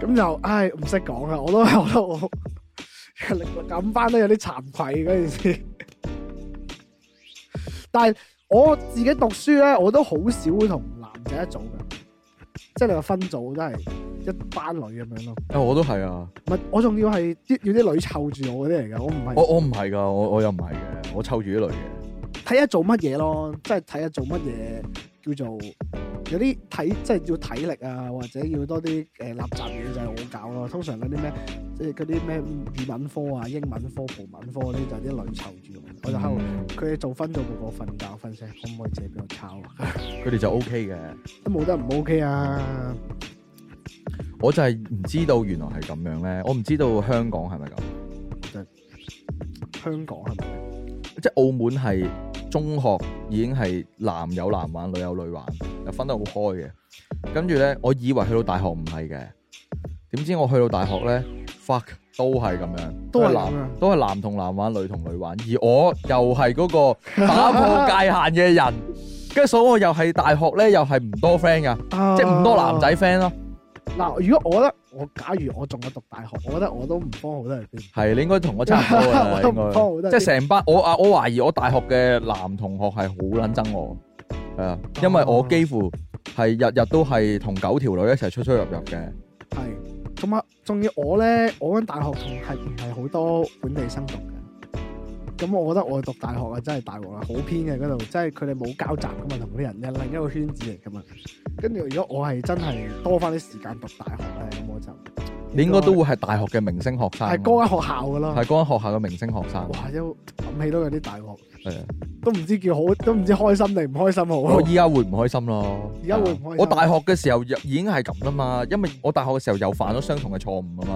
咁是就唉唔識講啊，我都我都我咁返都 有啲慚愧嗰陣時， 但係我自己讀書咧，我都好少會同男仔一組嘅，即係你話分組真係一班女咁樣咯。哎、啊，我都係啊，唔係我仲要係要啲女湊住我嗰啲嚟噶，我唔係。我我唔係噶，我我，我又唔係嘅，我湊住啲女嘅。睇下做乜嘢咯，即係睇下做乜嘢叫做有啲體即係要體力啊，或者要多啲誒垃圾嘢就係好搞咯。通常嗰啲咩即係嗰啲咩語文科啊、英文科、葡文科嗰啲就係、是、啲女囚住 Hello.，我就喺度佢哋做分咗部我瞓覺瞓醒，可唔可以借俾我抄啊？佢 哋就 O K 嘅，都冇得唔 O K 啊！我就係唔知道原來係咁樣咧，我唔知道香港係咪咁？我就是、香港係咪？即係澳門係中學已經係男有男玩，女有女玩，又分得好開嘅。跟住咧，我以為去到大學唔係嘅，點知我去到大學咧，fuck 都係咁樣，都係男，都係、啊、男同男玩，女同女玩。而我又係嗰個打破界限嘅人，跟住 所以我又係大學咧又係唔多 friend 㗎，即係唔多男仔 friend 咯。嗱，如果我覺得我假如我仲有讀大學，我覺得我都唔幫好多人添。係 你應該同我差唔多嘅，即係成班我啊，我懷疑我大學嘅男同學係好撚憎我，係啊，因為我幾乎係日日都係同九條女一齊出出入入嘅。係， 咁啊，仲要我咧，我間大學係唔係好多本地生讀？咁、嗯、我覺得我讀大學啊，真係大鑊啦，好偏嘅嗰度，即係佢哋冇交集噶嘛，同啲人咧另一個圈子嚟嘅嘛。跟住如果我係真係多返啲時間讀大學咧，咁我就你應該都會係大學嘅明，明星學生，係嗰間學校嘅咯，係嗰間學校嘅明星學生。哇，一諗起都有啲大鑊，的都唔知叫好，都唔知開心定唔開心好，啊。我依家會唔開心咯。而家、啊、會唔開心我大學嘅時候已經係咁啦嘛，因為我大學嘅時候又犯咗相同嘅錯誤啊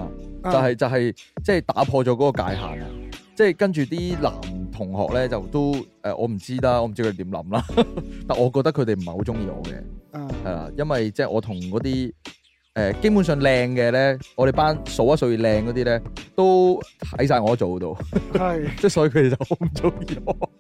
嘛，啊就係就係即係打破咗嗰個界限即係跟住啲男同學咧，就都誒、呃，我唔知啦，我唔知佢哋點諗啦。 但我覺得佢哋唔係好中意我嘅，係、嗯、啦，因為即係我同嗰啲誒基本上靚嘅咧，我哋班數一數二靚嗰啲咧，都睇晒我做度。係即係所以佢哋就好唔中意我，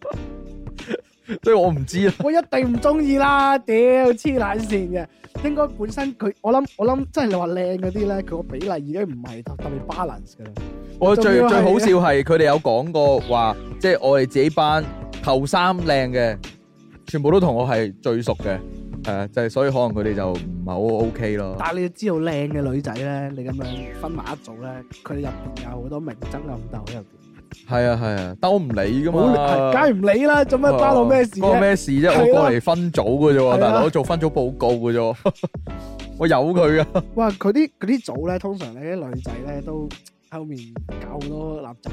即 係 我唔知啦。我一定唔中意啦，屌黐撚線嘅！應該本身佢，我諗我諗，即係你話靚嗰啲咧，佢個比例已經唔係特特別 balance 噶啦。我最最好笑係佢哋有講過話， 即係我哋自己班頭三靚嘅，全部都同我係最熟嘅，誒、呃，就係所以可能佢哋就唔係好 OK 咯。但係你要知道靚嘅女仔咧，你咁樣分埋一組咧，佢哋入邊有好多明爭暗鬥喺入邊。係啊係啊，但我唔理噶嘛，梗係唔理啦，做咩、啊、關我咩事啫？關、啊、我咩事啫？我過嚟分組噶啫，大佬做分組報告噶啫，啊、 我有佢啊！哇，佢啲佢啲組咧，通常咧啲女仔咧都後面搞好多垃圾。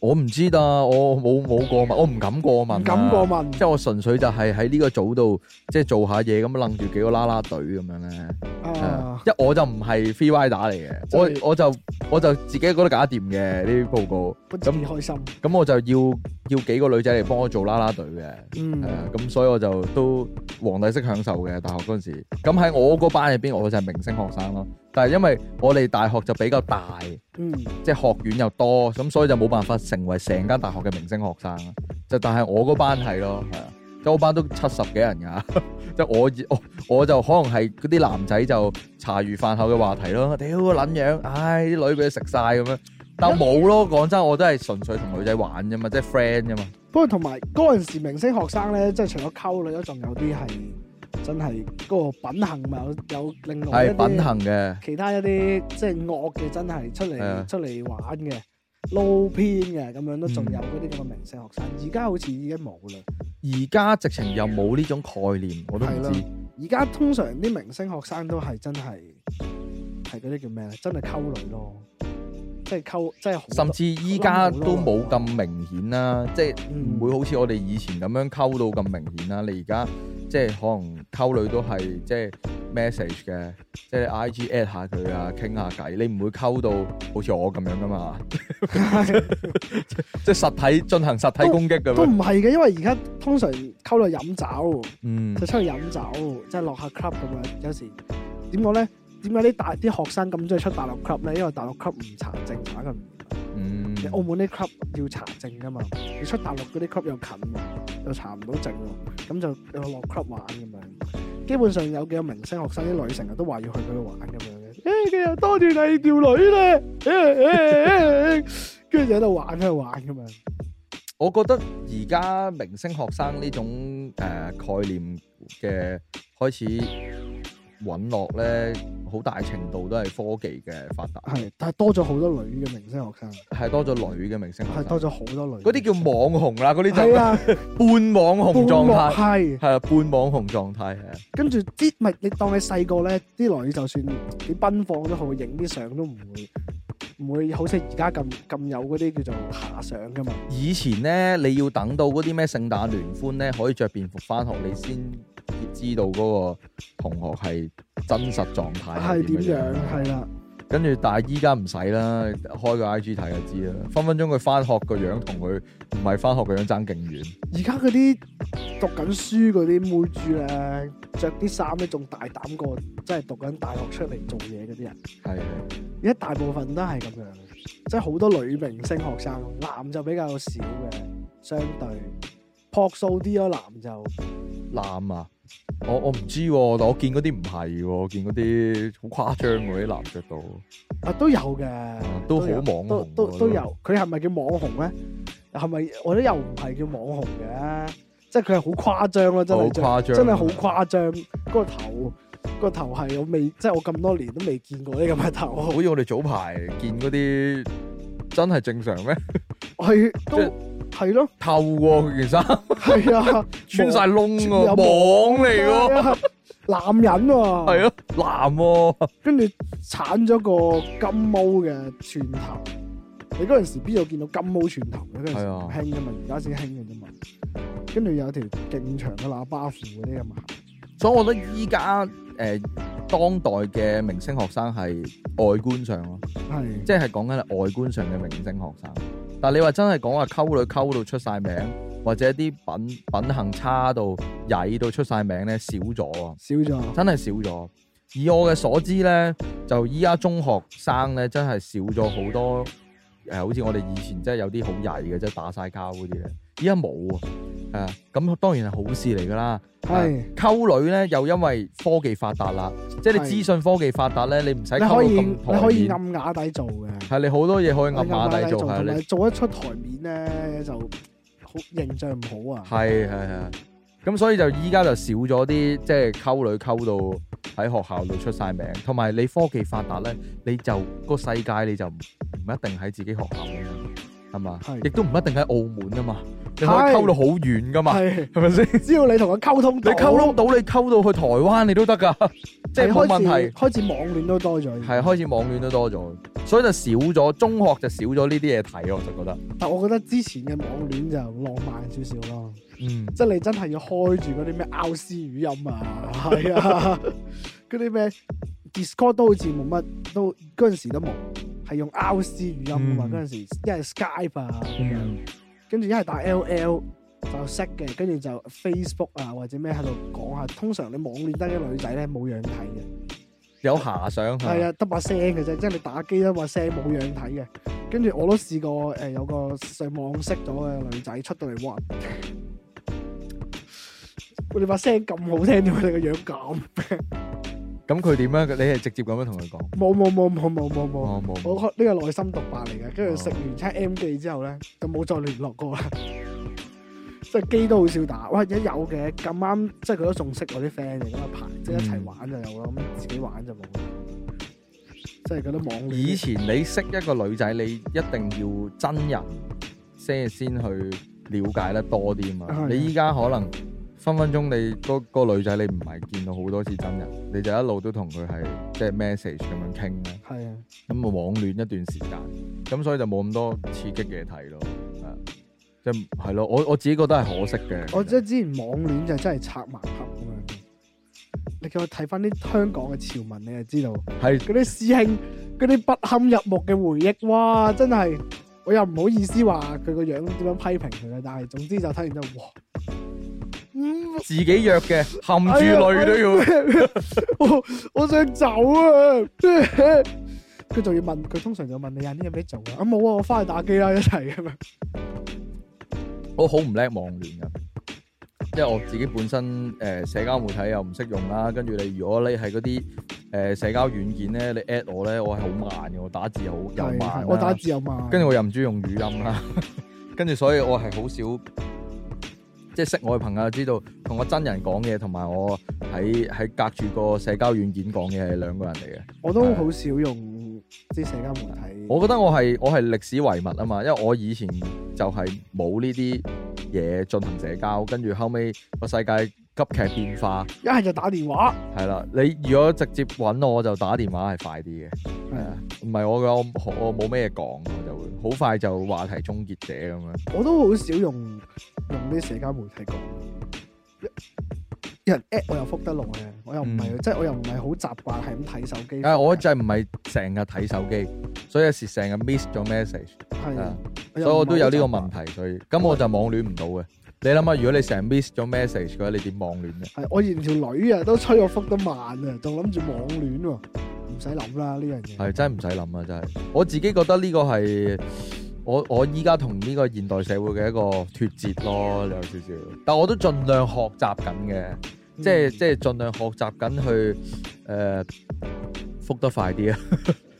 我唔知㗎，我冇冇過問，我唔敢，敢過問，敢過問。即係我純粹就係喺呢個組度，即係做下嘢咁，楞住幾個啦啦隊咁樣咧。一、uh, 嗯、我就唔係 free rider 嚟嘅，我我就我就自己覺得搞掂嘅呢啲報告。咁開心，咁我就要。要幾個女仔嚟幫我做啦啦隊嘅，係啊，咁所以我就都皇帝式享受嘅大學嗰陣時。咁喺我嗰班入邊，我就係明星學生咯。但係因為我哋大學就比較大，即係學院又多，咁所以就冇辦法成為成間大學嘅明星學生。就但係我嗰班係咯，係啊，我班都七十幾人㗎，即係我我我就可能係嗰啲男仔就茶餘飯後嘅話題咯。屌個撚樣，唉啲女俾佢食曬咁樣。但冇咯，講真，我都係純粹同女仔玩啫嘛，即係 friend 啫嘛。不過同埋嗰陣時，明星學生咧，即係除咗溝女，都仲有啲係真係嗰個品行，咪有有，另外一啲係品行嘅，其他一啲即係惡嘅，真係出嚟的出嚟玩嘅、撈偏嘅咁樣都仲有嗰啲叫個明星學生。而家、嗯、好似已經冇啦。而家直情又冇呢種概念，我都唔知。而家通常啲明星學生都係真係係嗰啲叫咩咧？真係溝女咯。即係溝，即係甚至依家都冇咁明顯啦，啊嗯啊，即係唔會好似我哋以前咁樣溝到咁明顯啦。你而家即係可能溝女都係即係 message 嘅，即係 IG add 下佢啊，傾下偈。你唔會溝到好似我咁樣噶嘛？即係實體進行實體攻擊嘅咩？都唔係嘅，因為而家通常溝女飲酒，嗯，就出去飲酒，即係落下 club 咁樣。有時點講咧？點解啲大啲學生咁中意出大陸 club 咧？因為大陸 club 唔查證查一唔。問嗯。澳門啲 club 要查證㗎嘛？你出大陸嗰啲 club 又近喎，又查唔到證喎，咁就落 club 玩咁樣。基本上有幾個明星學生啲女成日都話要去嗰度玩咁樣嘅。誒、哎，跟住又多住第二條女咧。跟、哎、住、哎、 就喺度玩喺度玩咁樣。我覺得而家明星學生呢種誒、呃、概念嘅開始隕落咧。好大程度都係科技嘅發達，係，但係多咗好多女嘅明星學生，係多咗女嘅明星，係多咗好多女，嗰啲叫網紅啦，嗰啲就係，半網紅狀態，係，係啊，半網紅狀態係。跟住啲咪，你當你細個咧，啲女就算你奔放都好，影啲相都唔會唔會好似而家咁咁有嗰啲叫做爬相㗎嘛。以前咧，你要等到嗰啲咩聖誕聯歡咧，可以着便服翻學，你先，知道嗰個同學係真實狀態係點樣，係啦。跟住，但係依家唔使啦，開個 I G 睇就知啦。分分鐘佢翻學個樣同佢唔係翻學個樣爭勁遠。而家嗰啲讀緊書嗰啲妹豬咧，着啲衫咧，仲大膽過即係讀緊大學出嚟做嘢嗰啲人。係的，而家大部分都係咁樣，即係好多女明星學生，男就比較少嘅，相對樸素啲咯。男就男啊？我我唔知，但我見嗰啲唔係，見嗰啲好誇張喎，啲男嘅度啊都有嘅、嗯，都好網紅，都都有。佢係咪叫網紅咧？係咪我啲又唔係叫網紅嘅、啊？即係佢係好誇張咯，真係好誇張，誇張真係好誇張。啊、個頭、嗰個頭係我未，即係我咁多年都未見過啲咁嘅頭。好似我哋早排見嗰啲真係正常咩？係 都。係咯，透喎佢件衫，係啊，穿晒窿啊， 啊有網嚟嘅、啊， 男人啊，係啊，男啊，跟住鏟咗個金毛嘅寸頭，你嗰陣時邊有見到金毛寸頭咧？嗰陣時唔興噶嘛，啊、而家先興嘅啫嘛，跟住有條勁長嘅喇叭褲嗰啲咁啊，所以我覺得依家誒當代嘅明星學生係外觀上咯，係、啊，即係講緊係外觀上嘅明星學生。但你話真係講話溝女溝到出晒名，或者啲品品行差到曳到出晒名咧，少咗少咗了，真係少咗。以我嘅所知咧，就依家中學生咧真係少咗好多。係好似我哋以前真係有啲好曳嘅，即係打晒交嗰啲咧，依家冇啊。係啊，咁當然係好事嚟㗎啦。係，溝女咧又因為科技發達啦，的即係你資訊科技發達咧，你唔使你可以你可以暗瓦底做嘅。係你好多嘢可以暗瓦底做嘅，做一出台面咧就好形象唔好啊。係係係。的咁所以就依家就少咗啲，即係溝女溝到喺學校度出晒名，同埋你科技發達咧，你就個世界你就唔一定喺自己學校咁樣，係的嘛？係的，亦都唔一定喺澳門噶嘛，你可以溝到好遠噶嘛，係咪先？吧只要你同佢溝通到 你溝到，你溝到到你溝到去台灣你都得噶，即係冇問題開。開始網戀都多咗，係開始網戀都多咗，的所以就少咗中學就少咗呢啲嘢睇，我就覺得。但我覺得之前嘅網戀就浪漫少少咯。嗯、即係你真係要開住嗰啲咩 Outs 語音啊，係 啊，嗰啲咩 Discord 都好似冇乜，都嗰陣時都冇，係用 Outs 語音啊嘛，嗰陣、嗯、時一係 Skype 啊，嗯、跟住一係打 L L 就識嘅，跟住就 Facebook 啊或者咩喺度講下。通常你網戀得啲女仔咧冇樣睇嘅，有遐想，係啊，得把聲嘅啫，即係你打機都嘛，聲，冇樣睇嘅。跟住我都試過誒、呃，有個上網上識咗嘅女仔出到嚟玩。喂，你把聲咁好聽，點解你個樣咁平？咁佢點啊？你係直接咁樣同佢講？冇冇冇冇冇冇冇冇冇。我呢個內心獨白嚟嘅，跟住食完餐 M 記之後咧，就冇再聯絡過啦。即係機都好少打。喂，一有嘅咁啱，即係佢都仲識我啲 friend 嘅，咁啊排即係一齊玩就有咯。咁自己玩就冇。即係覺得網。以前你識一個女仔，你一定要真人先係先去了解得多啲嘛？你依家可能。分分鐘你嗰、嗰個女仔你唔係見到好多次真人，你就一路都同佢係即係 message 咁樣傾咯，係啊的，咁啊網戀一段時間，咁所以就冇咁多刺激嘢睇咯，即係係咯，我我自己覺得係可惜嘅。我覺得之前網戀就真係拆盲盒咁樣，你叫我睇翻啲香港嘅潮文，你就知道，係嗰啲師兄嗰啲不堪入目嘅回憶，哇，真係我又唔好意思話佢個樣點樣批評佢喇，但係總之就睇完就哇。嘩自己約嘅，含住淚、哎、呀都要麼 我。我想走啊！佢 仲要問佢，通常就問你有啲嘢俾做啊。咁冇啊，我翻去打機啦，一齊咁啊。我好唔叻網戀噶，即係我自己本身誒、呃、社交媒體又唔識用啦。跟住你，如果你係嗰啲誒社交軟件咧，你 at 我咧，我係好慢嘅，我打字好又慢。我打字又慢。跟住我又唔中意用語音啦。跟住所以我係好少。即係識我嘅朋友知道，同我真人講嘢，同埋我喺喺隔住個社交軟件講嘢係兩個人嚟嘅。我都好少用啲、呃、社交媒體。我覺得我係我係歷史遺物啊嘛，因為我以前就係冇呢啲嘢進行社交，跟住後尾個世界。急劇變化，一係就打電話。係啦，你如果直接搵我就打電話係快啲嘅。係啊，唔係我嘅，我我冇咩嘢講，我就會好快就話題終結者咁樣。我都好少用用啲社交媒體講，人 at 我又覆得落嘅，我又唔係，即係我又唔係好習慣係咁睇手機。啊，我就唔係成日睇手機，所以有時成日 miss 咗 message。係啊，所以我都有呢個問題，所以咁我就網戀唔到嘅。你諗下，如果你成日 miss 咗 message 嘅話，你點網戀咧？係我連條女啊都催我覆得慢啊，仲諗住網戀喎，唔使諗啦呢樣嘢。係真係唔使諗啊，真係。我自己覺得呢個係我我依家同呢個現代社會嘅一個脫節咯，有少少。但我都盡量學習緊嘅，即係即係盡量學習緊去誒覆得快啲啊，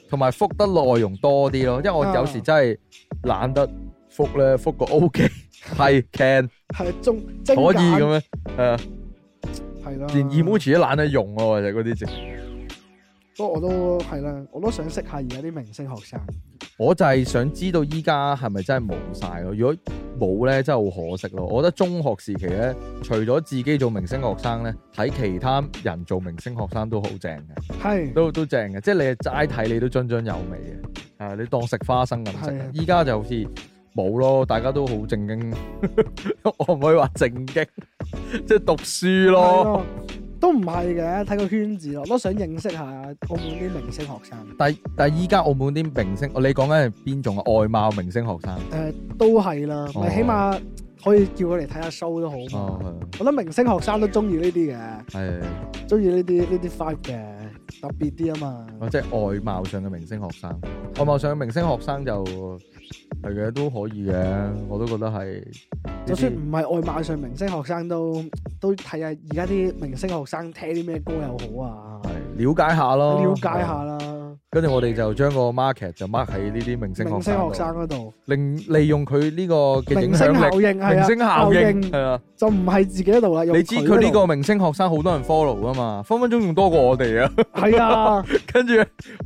同埋覆得內容多啲咯。因為我有時真係懶得覆咧，覆個 OK。係 can 係中可以咁樣，係啊，係咯的，連 emoji 都懶得用喎、啊，就嗰啲字。不過我都係啦，我都想識下而家啲明星學生。我就係想知道依家係咪真係冇晒咯？如果冇咧，真係好可惜咯。我覺得中學時期咧，除咗自己做明星學生咧，睇其他人做明星學生都好正嘅，係的都都正嘅，即係你齋睇你都津津有味嘅，係你當食花生咁食。依家的就好似。冇咯，大家都好正經， 我唔可以話正經，即 係讀書咯，都唔係嘅，睇個圈子咯，都想認識下澳門啲明星學生。但但依家澳門啲明星，哦、你講緊係邊種啊？外貌明星學生？誒、呃，都係啦，咪、哦、起碼。可以叫佢嚟睇下 show 都好啊！哦、我覺得明星學生都中意呢啲嘅，係中意呢啲呢啲 five 嘅，特別啲啊嘛，即係外貌上嘅明星學生，外貌上嘅明星學生就係嘅都可以嘅，我都覺得係。就算唔係外貌上明星學生都都睇下而家啲明星學生聽啲咩歌又好啊，了解下咯，了解下啦。跟住我哋就將個 market 就 mark 喺呢啲明星學生嗰度，令利用佢呢個嘅影響力、明星效應，係啊，就唔係自己嗰度啦。你知佢呢個明星學生好多人 follow 噶嘛，分分鐘仲多過我哋啊。係啊，跟住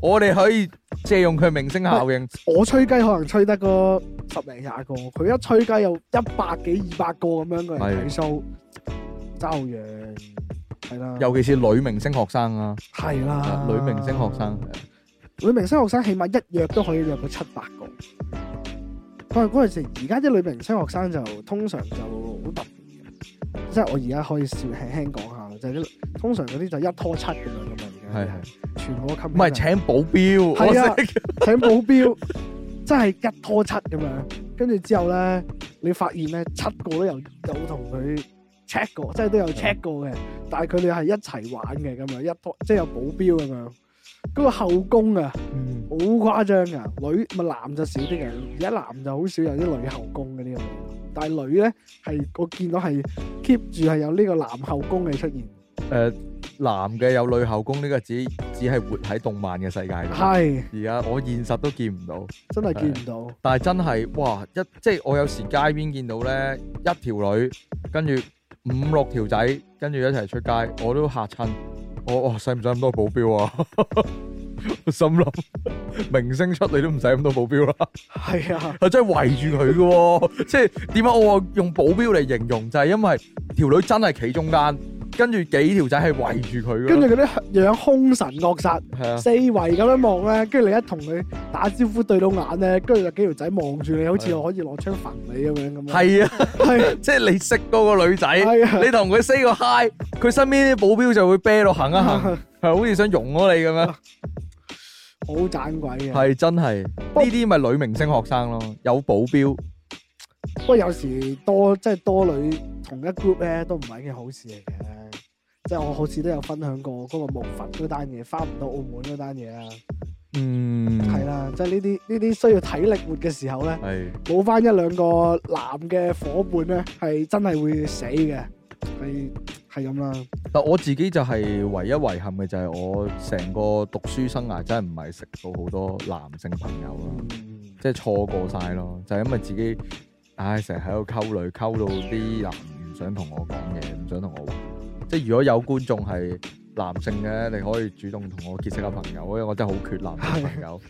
我哋可以借用佢明星效應。我吹雞可能吹得個十零廿個，佢一吹雞有一百幾、二百個咁樣嘅人睇 show。周揚係啦，尤其是女明星學生啊，係啦，女明星學生。女明星學生起碼一約都可以約到七八個，但係嗰陣時而家啲女明星學生就通常就好特別嘅，即係我而家可以笑輕輕講下就係啲通常嗰啲就一拖七咁樣噶嘛，係係的，全部吸唔係請保鏢，係啊的，請保鏢，真係一拖七咁樣，跟住之後咧，你發現咧七個都有有同佢 check 過，即係都有 check 過嘅，但係佢哋係一齊玩嘅咁樣，一拖即係有保鏢咁樣。嗰個後宮啊，好、嗯、誇張噶，女咪男就少啲嘅，而家男就好少有啲女後宮嘅呢個，但係女咧係我見到係 keep 住係有呢個男後宮嘅出現。誒、呃，男嘅有女後宮呢個只只係活喺動漫嘅世界，係而家我現實都見唔到，真係見唔到。是但係真係哇，一即係我有時街邊見到咧，一條女跟住五六條仔跟住一齊出街，我都嚇親。哦，我使唔使咁多保鏢啊？ 我心諗，明星出嚟都唔使咁多保鏢啦。係啊，係 真係圍住佢嘅， 即係點解我用保鏢嚟形容？就係因為條女真係企中間。跟住幾條仔係圍住佢，跟住嗰啲樣兇神惡煞，是啊、四圍咁樣望咧，跟住你一同佢打招呼對到眼咧，跟住就幾條仔望住你是、啊、好似我可以攞槍焚你咁樣咁。係是啊，係，即係你識嗰個女仔，是啊、你同佢 say 個 hi，佢身邊啲保鏢就會啤到行一行，係 好似想擁攏你咁樣。 好盞鬼啊！係真係呢啲咪女明星學生咯，有保鏢。不過有時多即係多女同一 group 咧，都唔係一件好事嚟嘅。即係我好似都有分享過嗰個木筏嗰單嘢，翻唔到澳門嗰單嘢啊。嗯，係啦、嗯，即係呢啲呢啲需要體力活嘅時候咧，係冇翻一兩個男嘅伙伴咧，係真係會死嘅，係係咁啦。但我自己就係唯一遺憾嘅就係我成個讀書生涯真係唔係食到好多男性朋友啦，嗯、即係錯過晒咯，嗯、就係因為自己。唉，成日喺度溝女，溝到啲男唔想同我講嘢，唔想同我玩。即係如果有觀眾係男性嘅，你可以主動同我結識下朋友，因為我真係好缺男朋友。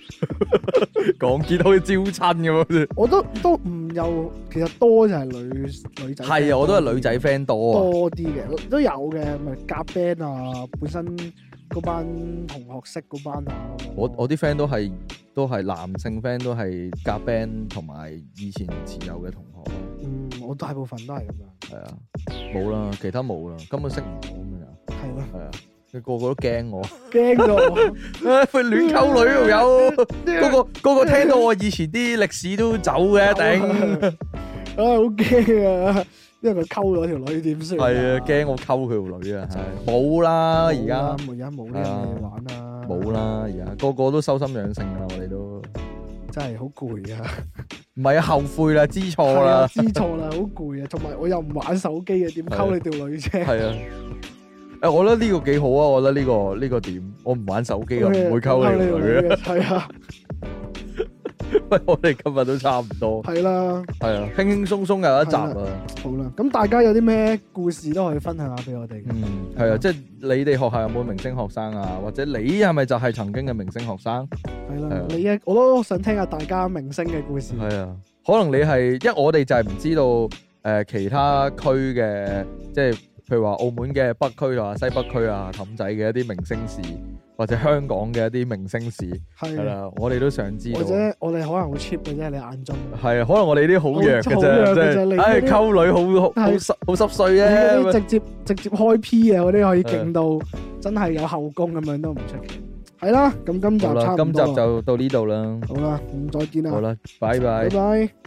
講到好似招親咁樣。 我都都唔又，其實多就係女女仔。係啊，我都係女仔 friend 多啊。多啲嘅都，都有嘅，咪夾 band 啊，本身。嗰班同學識嗰班啊！我我啲 friend 都係都係男性 friend，都係夾 band 同埋以前持有嘅同學。嗯，我大部分都係咁樣。係啊，冇啦，其他冇啦，根本識唔到咁樣。係咯。係啊，你個個都驚我，驚到，佢亂溝女又有，個個個個聽到我以前啲歷史都走嘅頂，啊好驚啊！因為佢溝咗條女點算？係啊，驚我溝佢條女啊！冇、啊、啦，而家而家冇呢個嘢玩啦，冇啦，而家個個都修心養性啦，我哋都真係好攰啊！唔係 啊，後悔啦，知錯啦、 啊，知錯啦，好攰啊！同埋我又唔玩手機啊，點溝你條女啫？係啊！誒、欸，我覺得呢個幾好啊！我覺得呢、呢個呢、呢個點，我唔玩手機啊，唔會溝你條女啊，係啊。喂， 我哋今日都差唔多，係啦，係啊，輕輕鬆鬆又一集啊，好啦。咁大家有啲咩故事都可以分享下俾我哋，嗯，係啊，啊啊即係你哋學校有冇明星學生啊？或者你係咪就係曾經嘅明星學生？係啦、啊，啊你啊，我都想聽下大家明星嘅故事。係啊，可能你係，因為我哋就係唔知道誒、呃，其他區嘅，即係譬如話澳門嘅北區啊、西北區啊，氹仔嘅一啲明星事。或者香港嘅一啲明星史係啦，我哋都想知，或者我哋可能好 cheap 嘅啫，你眼中係啊，可能我哋啲好弱嘅啫，即係唉，溝女好好濕好濕碎啫，直接直接開 P 嘅嗰啲可以勁到真係有後宮咁樣都唔出奇，係啦，咁今集差唔多啦，今集就到呢度啦，好啦，咁再見啦，好啦，拜拜，拜拜。